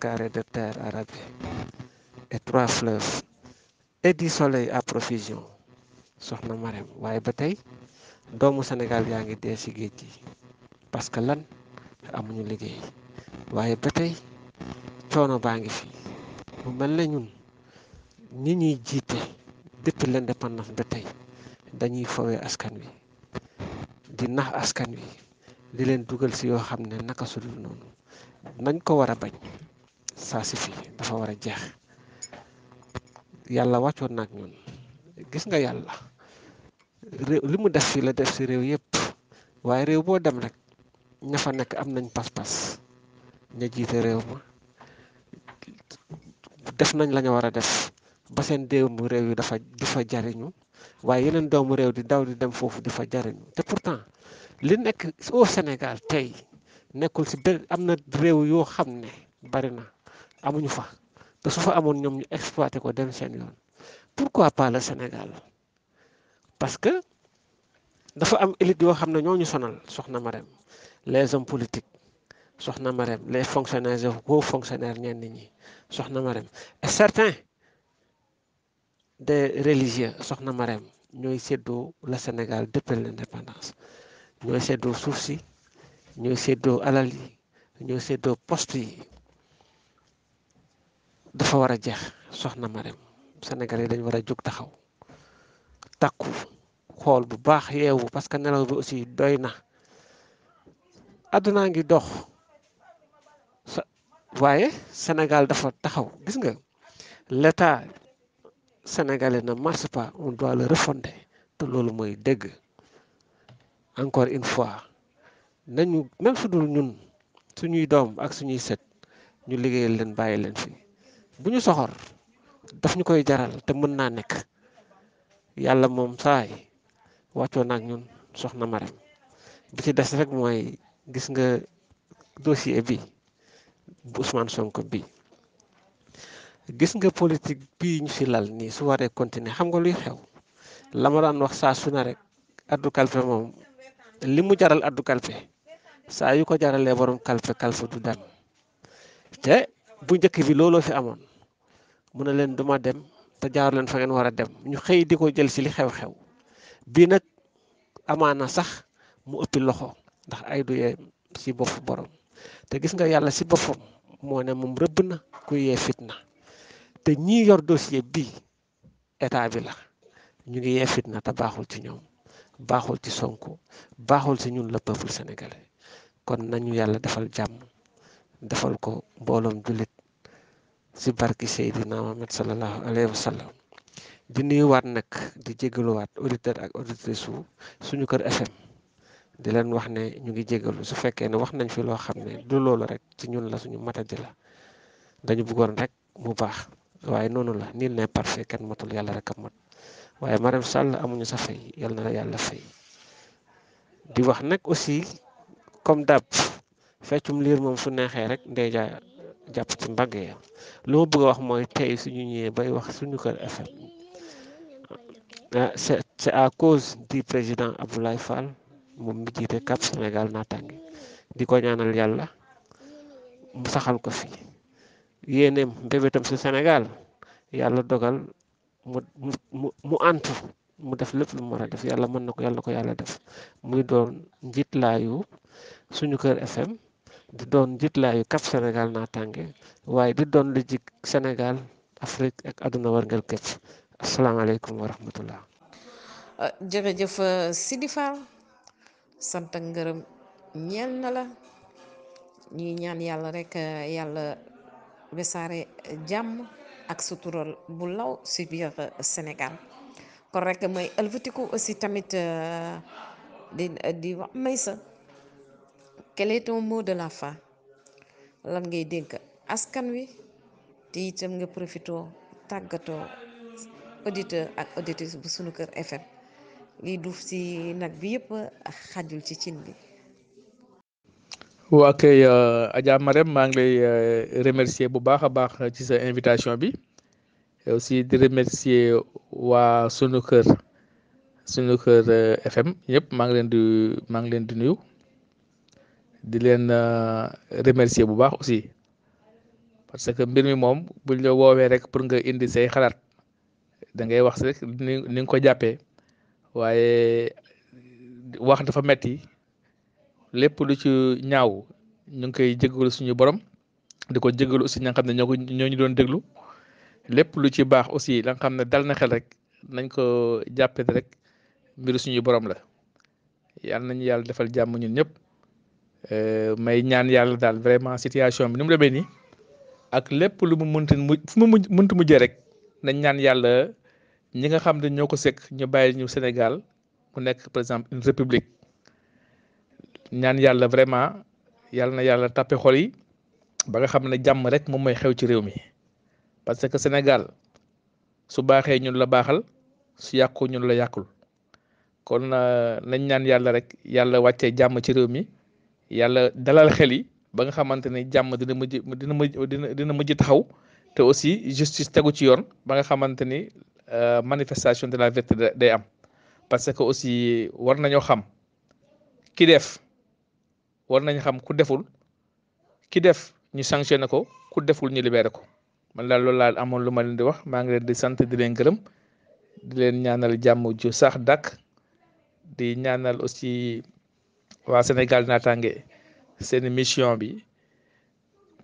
carrés de terre arabée et trois fleuves soleil à soxna Marème waaye ba tey doomu senegal yaa ngi dee ci géej gi parce que lan amuñu liggéey waaye ba tey coono baa ngi fi mu mel ne ñun ñi ñuy jiite depuis l'indépendance ba tey dañuy fowee askan wi di nax askan wi di leen dugal ci yoo xam ne naka sudul noonu nañ ko war a bañ saa si fii dafa war a jeex yàlla wàccoon na ak ñun gis nga yàlla réew li mu def fii la def si réew yépp waaye réew boo dem rek ña fa nekk am nañ pas-pas ña jiite réew ma def nañ lañu war a def ba seen doomu réew yi dafa di fa jariñu waaye yeneen doomu réew di daw di dem foofu di fa jariñu te pourtant li nekk au Sénégal tey nekkul ci benn am na réew yoo xam ne bari na amuñu fa te su fa amoon ñoom ñu exploité ko dem seen yoon pourquoi pas le Sénégal parce que dafa am élite yoo xam ne ñoo ñu sonal soxna Marème les hommes politiques soxna Marème les fonctionnaires et hauts fonctionnaires ñenn ñi soxna Marème et certains des religieux soxna Marème ñooy séddoo le Sénégal depuis l'indépendance ñooy séddoo suuf si. ñooy séddoo alal yi ñooy séddoo poste yi dafa war a jeex soxna marem Sénégal yi dañ war a jóg taxaw takku xool bu baax yeewu parce que nelaw bi aussi doy na àddunaa ngi dox sa waaye Sénégal dafa taxaw gis nga l'état sénégalais ne marche pas on doit le refonder te loolu mooy encore une fois nañu même su dul ñun suñuy doom ak suñuy set ñu liggéeyal leen bàyyi leen fi bu ñu soxor daf ñu koy jaral te mën naa nekk yàlla moom saay wàccoo naak ñun soxna Marème bi ci des rekk mooy gis nga dossier bi bu Ousmane Sonko bi gis nga politique bii ñu fi lal nii su waree continuer xam nga luy xew la ma daan wax saa su ne rek addu kalpe moom li mu jaral addu kalpe saa yu ko jaralee borom kalfe kalfe du dal te bu njëkk bi looloo fi amoon mu ne leen duma dem te jaar leen fa ngeen war a dem ñu xëy di ko jël si li xew-xew bii nag amaana sax mu ëppi loxo ndax ay du yee si bopp borom te gis nga yàlla si boppam moo ne moom rëbb na ku yee fitna te ñii yor dossier bii état bi la ñu ngi yee fitna te baaxul ci ñoom baaxul ci Sonko baaxul ci ñun la peuple sénégalais. kon nañu yàlla defal jàmm defal ko bolom julit si barki sayidina Muhammad sallallahu alayhi wa sallam di nuyuwaat nag di jégaluwaat auditeur ak auditrice su suñu kër FM di leen wax ne ñu ngi jégalu su fekkee ne wax nañ fi loo xam ne du loolu rek ci ñun la suñu di la dañu bëggoon rek mu baax waaye noonu la nil ne parfait kenn matul yàlla rek a mat waaye Sall amuñu sa fay yàlla na la yàlla fay di wax nag aussi comme dab fetum liir mom fu nexé rek ndéja japp ci mbagge ya loo bëgg wax moy tay suñu ñëw bay wax suñu kër FM ah, c'est à cause du président Abdoulaye Fall mom mi jité Cap Sénégal na di ko ñaanal yalla mu saxal ko fi yéeneem mbébétam ci Sénégal yalla dogal mu mu mu antu mu def lepp lu mu war def yalla mën nako ko ko yalla def muy doon njiitlaayu suñu kër FM di doon njiitlaayu CAP Sénégal naataange waaye di doon lu jik Sénégal Afrique ak àdduna warngel këpp asalaamaaleykum wa rahmatullah. Ah, jërëjëf ah, Sidi Fall sant ak ngërëm ñeel na la ñuy ñaan yàlla rek ah, yàlla wesaare jàmm ak sutural bu law si biir Sénégal kon rek may ëlbatiku aussi tamit di di quel est ton mot de la fin lan ngay dénk askan wi te itam nga profito tàggatoo auditeur ak auditrice bu sunu kër FM liy duuf si nag bi yëpp xajul ci cin bi. waa kay euh, Adja Marème maa ngi lay euh, remercier bu baax a baax ci sa invitation bi aussi di remercier waa sunu kër sunu kër euh, FM yëpp maa ngi leen di maa ngi leen di nuyu. di leen euh, remercier bu baax aussi parce que mbir mi moom buñ la woowee rek pour nga indi say xalaat da ngay wax rek ni ni ko jàppee waaye wax dafa metti lépp lu ci ñaaw ñu ngi koy jégalu suñu borom di ko jégalu aussi ña nga xam ne ñoo ñoo ñu doon déglu lépp lu ci baax aussi la nga xam ne dal na xel rek nañ ko jàppee rek mbiru suñu borom la yàlla nañu yàlla defal jàmm ñun ñëpp. Euh, may ñaan yàlla daal vraiment situation bi ni mu demee nii ak lépp lu mu mënti mu fu mu mënti mujjee rek nañ ñaan yàlla ñi nga xam ne ñoo ko sekk ñu bàyyi ñu Sénégal mu nekk par exemple une république ñaan yàlla vraiment yàlla na yàlla tàppe yi ba nga xam ne jàmm rek moom mooy xew ci réew mi parce que Sénégal su baaxee ñun la baaxal su yàqu ñun la yàqul kon euh, nañ ñaan yàlla rek yàlla wàccee jàmm ci réew mi. yàlla dalal xel yi ba nga xamante ne jàmm dina mujj dina mujj dina dina mujj taxaw te aussi justice tegu ci yoon ba nga xamante ni euh, manifestation de la vérité day am parce que aussi war nañoo xam ki def war nañ xam ku deful ki def ñu ne ko ku deful ñu libéré ko man daal loolu laa amoon lu ma leen di wax maa ngi leen di sant di leen gërëm di leen ñaanal jàmm ju sax dàkk di ñaanal aussi. waa Sénégal naataange seen mission bi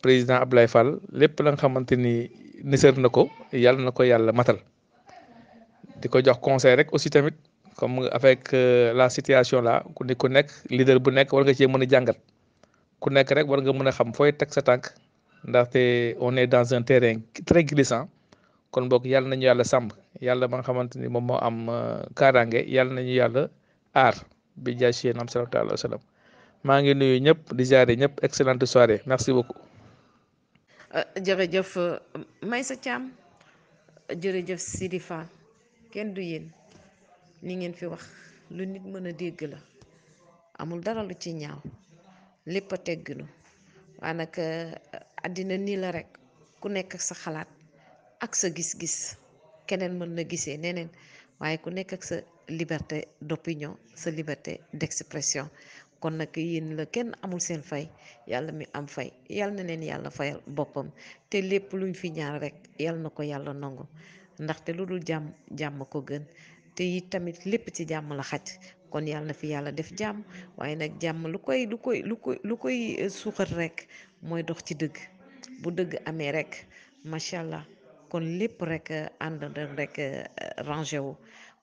président Abdoulaye Fall lépp la nga xamante ni nisër na ko yàlla na ko yàlla matal di ko jox conseil rek aussi tamit comme avec euh, la situation la ku ne ku nekk leader bu nekk war nga cee mën a jàngat ku nekk rek war nga mën a xam fooy teg sa tànk ndaxte on est dans un terrain très glissant kon boog yàlla nañu yàlla sàmm yàlla ba nga xamante ni moom moo am euh, kaaraange yàlla nañu yàlla aar. bi jaay si yéen am sallallahu alayhi wa sallam maa ngi nuyu ñëpp di jaare ñëpp excellente soirée merci beaucoup. may sa caam jërëjëf Sidi Fall kenn du yéen ni ngeen fi wax lu nit mën a dégg la amul dara lu ci ñaaw lépp a tegginu waa nag euh, àddina nii la rek ku nekk sa xalaat ak sa gis-gis keneen mën na gisee neneen waaye ku nekk sa liberté d'opinion sa liberté d'expression kon nak yeen la kenn amul seen fay yalla mi am fay yalla na leen yàlla fayal boppam te lepp luñ fi ñaan rek yalla nako yalla nongo ndax te lu jam jam ko gën te yi tamit lepp ci jam la xat kon yalla na fi yalla def jam waye nak jam lu koy lu koy lu koy lu koy eh, suuxat rek moy dox ci deug bu deug amé rek machallah kon lepp rek eh, ànd rek eh, rangé wu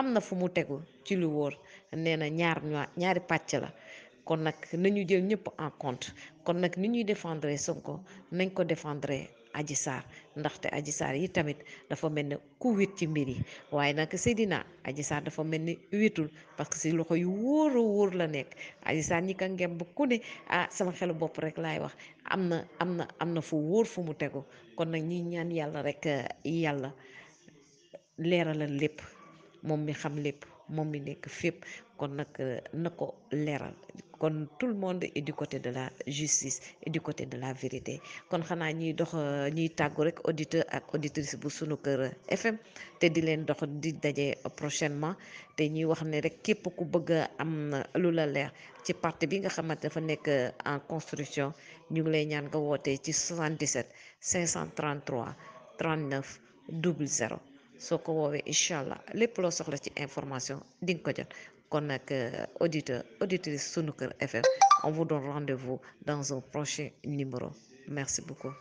am na fu mu tegu ci lu wóor nee na ñaar ñaari pàcc la kon nag nañu jël ñëpp en compte kon nag ni ñuy défendre Sonko nañ ko défendre Adji Sarr ndaxte Adji Sarr yi tamit dafa mel ne ku wit ci mbir yi waaye nag Seydina Adji Sarr dafa mel ni witul parce que si loxo yu wóor wóor la nekk Adji Sarr ñi ka ngem bu ku ne ah, sama xelu bopp rek laay wax am na am na am na fu wóor fu mu tegu kon nag ñi ñaan yàlla rek eh, yàlla leeralal lépp moom mi xam lépp moom mi nekk fépp kon nag euh, na ko leeral kon tout le monde est du côté de la justice et du côté de la vérité kon xanaa ñiy dox euh, ñiy tàggu rek auditeur ak auditrice bu sunu kër FM te di leen dox di daje prochainement te ñuy wax ne rek képp ku bëgg am lu la leer ci parti bi nga xamante dafa nekk euh, en construction ñu ngi lay ñaan nga woote ci 77 533 39 00 soo ko woowee incha plus lépp loo soxla ci information di ko euh, auditeur auditrice Sunuker FM on vous donne rendez-vous dans un prochain numéro merci beaucoup.